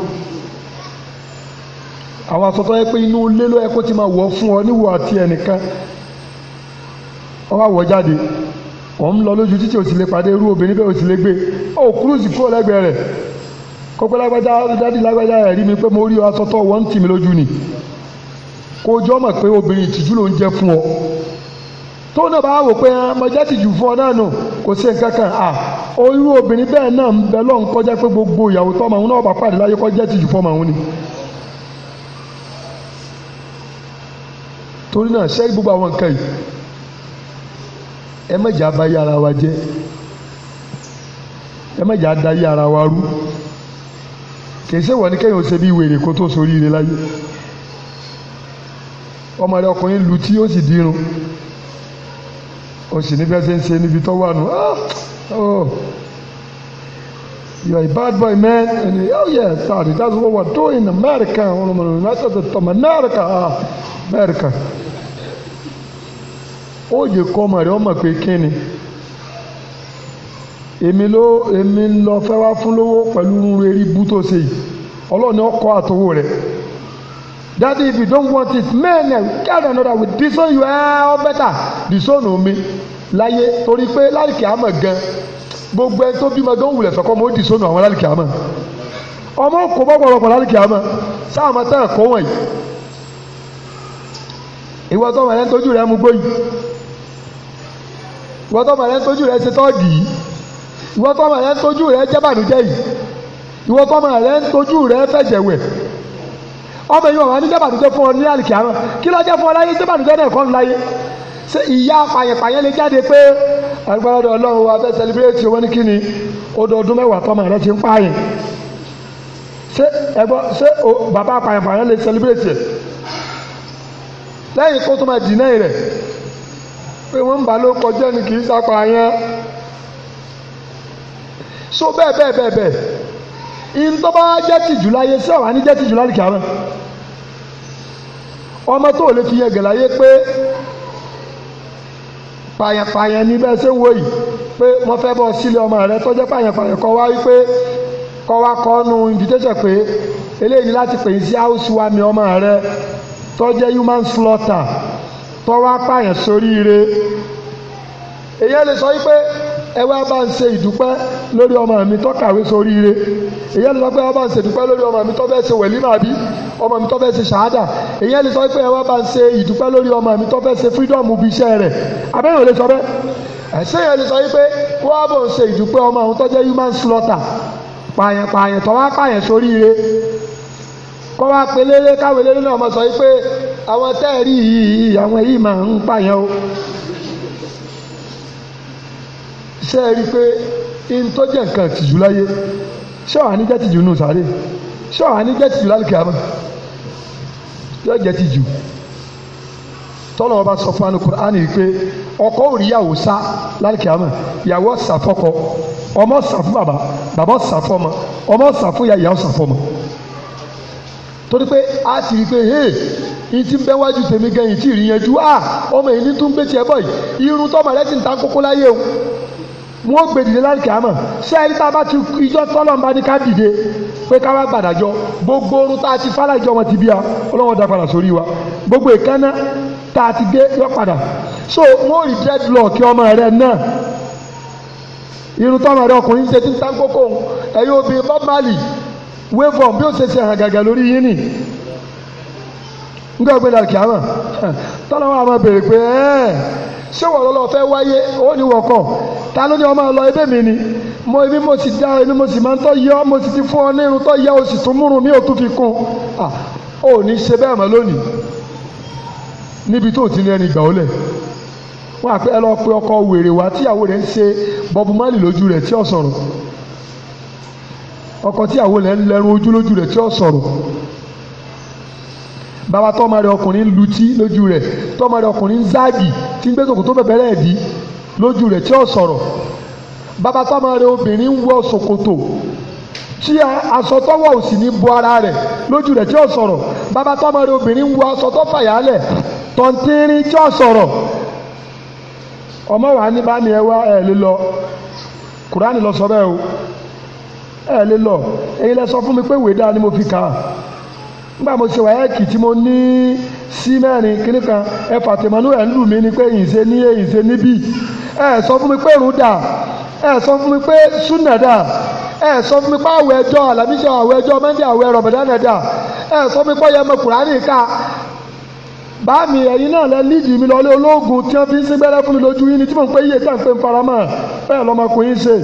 àwọn asọ́tọ́ yẹ pé inú ilé ló yẹ kó ti máa wọ̀ fún ọ níwọ̀ àti ẹnìkan ọwọ́ àwọ̀ jáde ọ̀ ń lọ lójú títí ò sì lè pàdé irú obìnrin bẹ́ẹ̀ ò sì lè gbé ọ̀ kúrúùsì kúrò lẹ́gbẹ̀ẹ́ rẹ̀ kópẹ́ lágbájá dádì lágbájá ẹ̀ rí mi pé mo rí aṣọ tó wọ́n ń tì mí lójú ni kó jọ mọ̀ pé obìnrin ìtìjú ló ń jẹ fún ọ tó náà bá wò pé ah, mo jẹ́ fún ọ náà nù kò sí nǹkan kan à ah, irú obìnrin bẹ́ẹ̀ náà ń bẹ lọ́n kọjá gbogbo ìyàwó náà bá pàdé láyé ni. torí náà ṣé gbogbo àwọn nǹkan yìí wa jẹ kì í ṣe wọ́n ó ṣe bí wèrè kó tó sórí ire láyé ọmọ rẹ ọkùnrin lu tí ó sì dirun ó sì ní fẹsẹ̀ ń ṣe níbi tó wà nù ah, oh you are a bad boy man and he, oh yeah, sorry that's what we're doing in America that's what the America ah America ó yẹ kọ́ ọmọ rẹ ọmọ pé kíni èmi ló èmi lọ fẹ́ wá fún lówó pẹ̀lú eré bú tó ṣe yìí ọlọ́run ni ó kọ́ àtọwọ́ rẹ̀ daddy if you don't want it men eh, get another with this one you are all better this one no me láyé torí pé láìkè àmọ̀ gan gbogbo ẹni tó bímọ gan wulẹ̀ fẹ́ kọ́ mọ́ ó dì sónù àwọn láìkè àmọ̀ ọmọ kò bọ́ pọ̀lọpọ̀ láìkè àmọ̀ sáàmù tán kọ́ wọ̀nyí ìwọ tó mọ̀ ẹ́ ń tójú rẹ mú gbóyìí ìwọ tó mọ̀ ẹ́ ń tójú rẹ ṣe tọ́ọ̀gì yìí ìwọ tọmọ rẹ ń tójú rẹ jẹ́ bànújẹ́ yìí ìwọ tọmọ rẹ ń tójú rẹ fẹ̀jẹ̀ wẹ̀ ọmọ yìí wà ní jẹ́ bànújẹ́ fún ọ ní àlìkí àmọ́ kí ló jẹ́ fún ọ láyé jẹ́ bànújẹ́ náà kọ́ ń láyé ṣé ìyá pàyẹ̀pàyẹ̀ lè jáde pé agbára ọ̀dọ̀ Ọlọ́run wa fẹ́ sẹlẹbírẹ́tì owó ní kíni ọdọọdún mẹ́wàá tọmọ rẹ ti ń pààyàn ṣé ẹgbọ́ ṣé bàbá pàyẹ̀pàyẹ̀ lè sẹlẹbírẹ́tì ẹ̀ lẹ́yìn kó tó máa dì náà rẹ̀ pé wọ́n ń bà ló kọjá ni kì í sápa yẹn so bẹ́ẹ̀ bẹ́ẹ̀ bẹ́ẹ̀ bẹ́ẹ̀ ntọ́ba jẹ́ tìjú láyé sí àwọn àní jẹ́ tìjú láyé kìá náà ọmọ tó lè fi yẹ gẹ̀láyé pé pàyànpàyàn ni bẹ́ẹ̀ ṣe ń wò yìí pé wọ́n fẹ́ bọ́ sílé ọmọ rẹ tó jẹ́ pàyànpàyàn kọ́ wá wípé kọ́ wá kọ́ nu invitation pé eléyìí ni láti pè é sí house wa mi ọmọ rẹ tó human slaughter tó wá pàyàn sóríire èyí lè sọ wípé ẹ wá bá ń ṣe ìdúpẹ́ lórí ọmọ mi tó kàwé sórí ire èyí ẹni sọ pé wọn bá ń ṣe ìdúpẹ́ lórí ọmọ mi tó fẹ́ ṣe wẹ̀lí màbí ọmọ mi tó fẹ́ ṣe ṣàádà èyí ẹni sọ pé wọn bá ń ṣe ìdúpẹ́ lórí ọmọ mi tó fẹ́ ṣe fírídọ̀mù bí iṣẹ́ rẹ̀ abẹ́rẹ́ lè sọ bẹ́ẹ̀ ẹ̀sẹ̀ yẹn lè sọ pé wọn bò ń ṣe ìdúpẹ́ ọmọ òun tó human slaughter pààyàn pààyàn tó wá pààyàn sórí ire kọ́ wá pelélé káwé lélé náà mọ̀ sọ pé àwọn ntọ́jẹ́ nǹkan tìjú láyé ṣé wàá ní jẹ́ tìjú nù sáré ṣé wàá ní jẹ́ tìjú lálùkì àmọ́ yóò jẹ́ tìjú tọ́lọ̀ ọba sọ fún anukuru á nìyí pé ọkọ ò rí yàwó sá lálùkì àmọ́ yàwó sá fọ́kọ ọmọ sá fún bàbá bàbá sá fọ́mọ ọmọ sá fún yàyà sá fọ́mọ torí pé a ti rí pé hey ìtì ń bẹ wájú tèmi gan ìtì rí yẹn ju a ah, ọmọ yìí ní tún gbé tiẹ̀ bọ̀ yìí irun tọ́mọ rẹ ti ń ta kókó láyé o wọ́n gbé dìde láti kìámọ̀ ṣé ẹni tá a bá ti ìjọ tọ́lọ̀ ń bá ní ká dìde pé ká wá gbàdájọ́ gbogbo orun tá a ti fálà ìjọ wọn ti bí a ọlọ́wọ́n da padà sórí wa gbogbo ìkànnà tá a ti gé yọ padà so wọ́n rí dreadlock ọmọ rẹ náà irun tọ́mọ rẹ ọkùnrin ṣe ti ń tán kókó ẹ̀yin obìnrin Bob Marley wave on bí ó ṣe ṣe hàn gàgà lórí yín nì nígbà gbé dàkí àmọ́ tọ́lọ́wọ́ àmọ́ béèrè pé ẹ́ẹ́ ṣé wọ́n lọ́lọ́ fẹ́ wáyé ó ní wọ̀kọ̀ ta ló ní ọmọ lọ ebé mi ni mo ibi mo sì dá ẹni mo sì máa ń tọ́ yọ mo sì ti fún ọ ní irun tọ́ yọ o sì tún múrun mi ò tún fi kún ó ní ṣe bẹ́ẹ̀ mọ́ lónìí níbi tó ti ní ẹni gbà ó lẹ̀ wọ́n àpẹ́ lọ pe ọkọ wèrè wá tíyàwó rẹ̀ ń ṣe bọ́bù málì lójú rẹ̀ tí ò sọ̀rọ̀ ọkọ tíyàwó rẹ̀ ń lẹ́rú ojú lójú rẹ̀ tí ò sọ̀rọ̀ bàbá tọ́mọ rẹ̀ ọkùnrin ń lutí lójú rẹ̀ tọ́mọ rẹ̀ ọkùnrin ń tí ń gbé sòkòtò bẹ̀bẹ̀rẹ̀ ẹ̀ lójú tí sọ̀rọ̀ bàbá tọ́mọ obìnrin ń wọ sòkòtò tí ò sì ní bo ara wa ní bá ní ẹ wá ẹ lọ lọ sọ bẹ́ẹ̀ o ẹ nígbà mo ṣe wà ẹ́ẹ̀kì tí mo ní sí mẹ́rin kíní kan ẹ fàtìmọ́nú ẹ̀ ń lù mí ni pé ìṣe ní ìṣe níbí ẹ sọ fún mi pé ìrun dà ẹ sọ fún mi pé súnà dà ẹ sọ fún mi pé àwẹ̀ ẹjọ́ àlàmísọ àwẹ̀ ẹjọ́ mẹ́ndé àwẹ̀ rọ̀bẹ̀dánà dà ẹ sọ fún mi pé ọyẹ mọ kùránì ká báàmì ẹ̀yin náà lẹ lídìí mi lọlé ológun tí wọ́n fi ń sígbẹ́rẹ́ fún mi lójú yín ni tí mò ń pé iye tí à ń pè ń faramọ́ bẹ́ẹ̀ lọmọkùnrin ṣe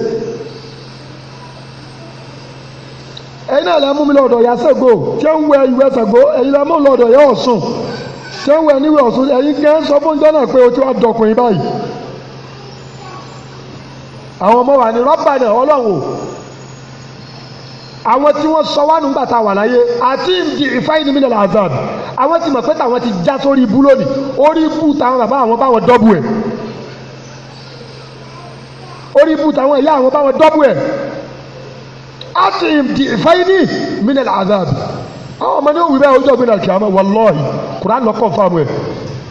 ẹ̀yin náà lẹ́ mi lọ́dọ̀ ya Ṣàngó tí ń wẹ ìwẹ̀ Ṣàngó ẹ̀yin lẹ́ mú mi lọ́dọ̀ ya Ọ̀ṣun tí ń wẹ níwẹ̀ Ọ̀ṣun ẹ̀yin gẹ́ sọ fún jọ́nà pé o ti wá dọkùnrin báyìí àwọn ọmọ wa ni rọ́bà náà ọlọ́run àwọn tí wọ́n sọ wá nígbà tá a wà láyé àti ìdí ìfáyín mi nílẹ̀ azab àwọn ti mọ̀ pé táwọn ti já sórí ibú lónìí orí ibú táwọn bàbá àwọn báwọn dọ́bù ẹ̀ orí ibú táwọn ìyá àwọn báwọn dọ́bù ẹ̀ asim di ìfáyíní minel azab àwọn ọmọ ní òwú bẹ́ẹ̀ ojú ọ̀gbìn àti àmọ́ wàlọ́ọ̀hì kùrán lọ kọ̀ǹfàmù ẹ̀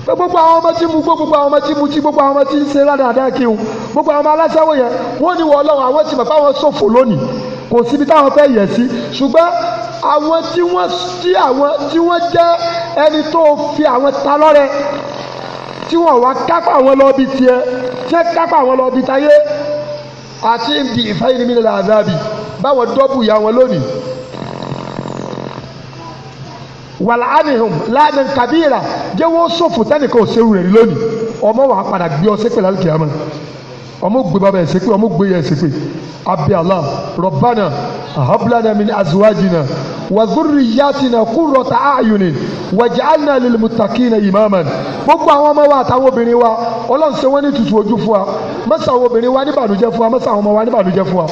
pé gbogbo àwọn ọmọ tí mu gbó gbogbo àwọn ọmọ tí mu tí gbogbo àwọn ọmọ tí ń ṣe ládàáda kí o gbogbo àwọn ọmọ aláṣẹ́wó yẹn wọ́n ní wọ́n lọ́wọ́ àwọn tí mọ̀ fáwọn ṣòfò lónìí kò síbi táwọn fẹ́ yẹ̀ sí ṣùgbọ́n àwọn tí wọ́n tí àwọn tí wọ́n jẹ́ ẹni tó fi àwọn ta lọ́rẹ tí wọ́n wá kápá àwọn lọ́ọ́bì tiẹ̀ tí wọ́n kápá àwọn lọ́ọ́bì tayé àti ibi ìfẹ́ yìí nílẹ̀ àdábì báwọn dọ́bù ya wọn lónìí. wàlá anihun ládàn kabira jẹ́wọ́ sọ̀fù tẹ́nìkan ò ṣerú rẹ̀ lónìí ọmọ wa padà gbé ọ sí pẹ̀lú ọmọ gbé bàbá ẹsẹ pé ọmọ gbé yẹ ẹsẹ pé abi Allah Rabbana ahablana min azwajina wa dhurriyyatina qurrata a'yunin waj'alna lil muttaqina imaman gbogbo àwọn ọmọ wa àtàwọn obìnrin wa Ọlọ́run ṣe wọ́n ní tutù ojú fún wa mẹ́sàn àwọn obìnrin wa ní bànújẹ́ fún wa mẹ́sàn àwọn ọmọ wa ní bànújẹ́ fún wa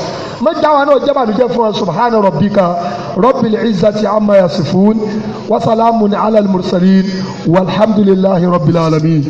mẹ́jọ àwọn náà jẹ́ fún wa subhana rabbika rabbil izzati amma yasifun wa salamun ala al mursalin walhamdulillahi rabbil alamin.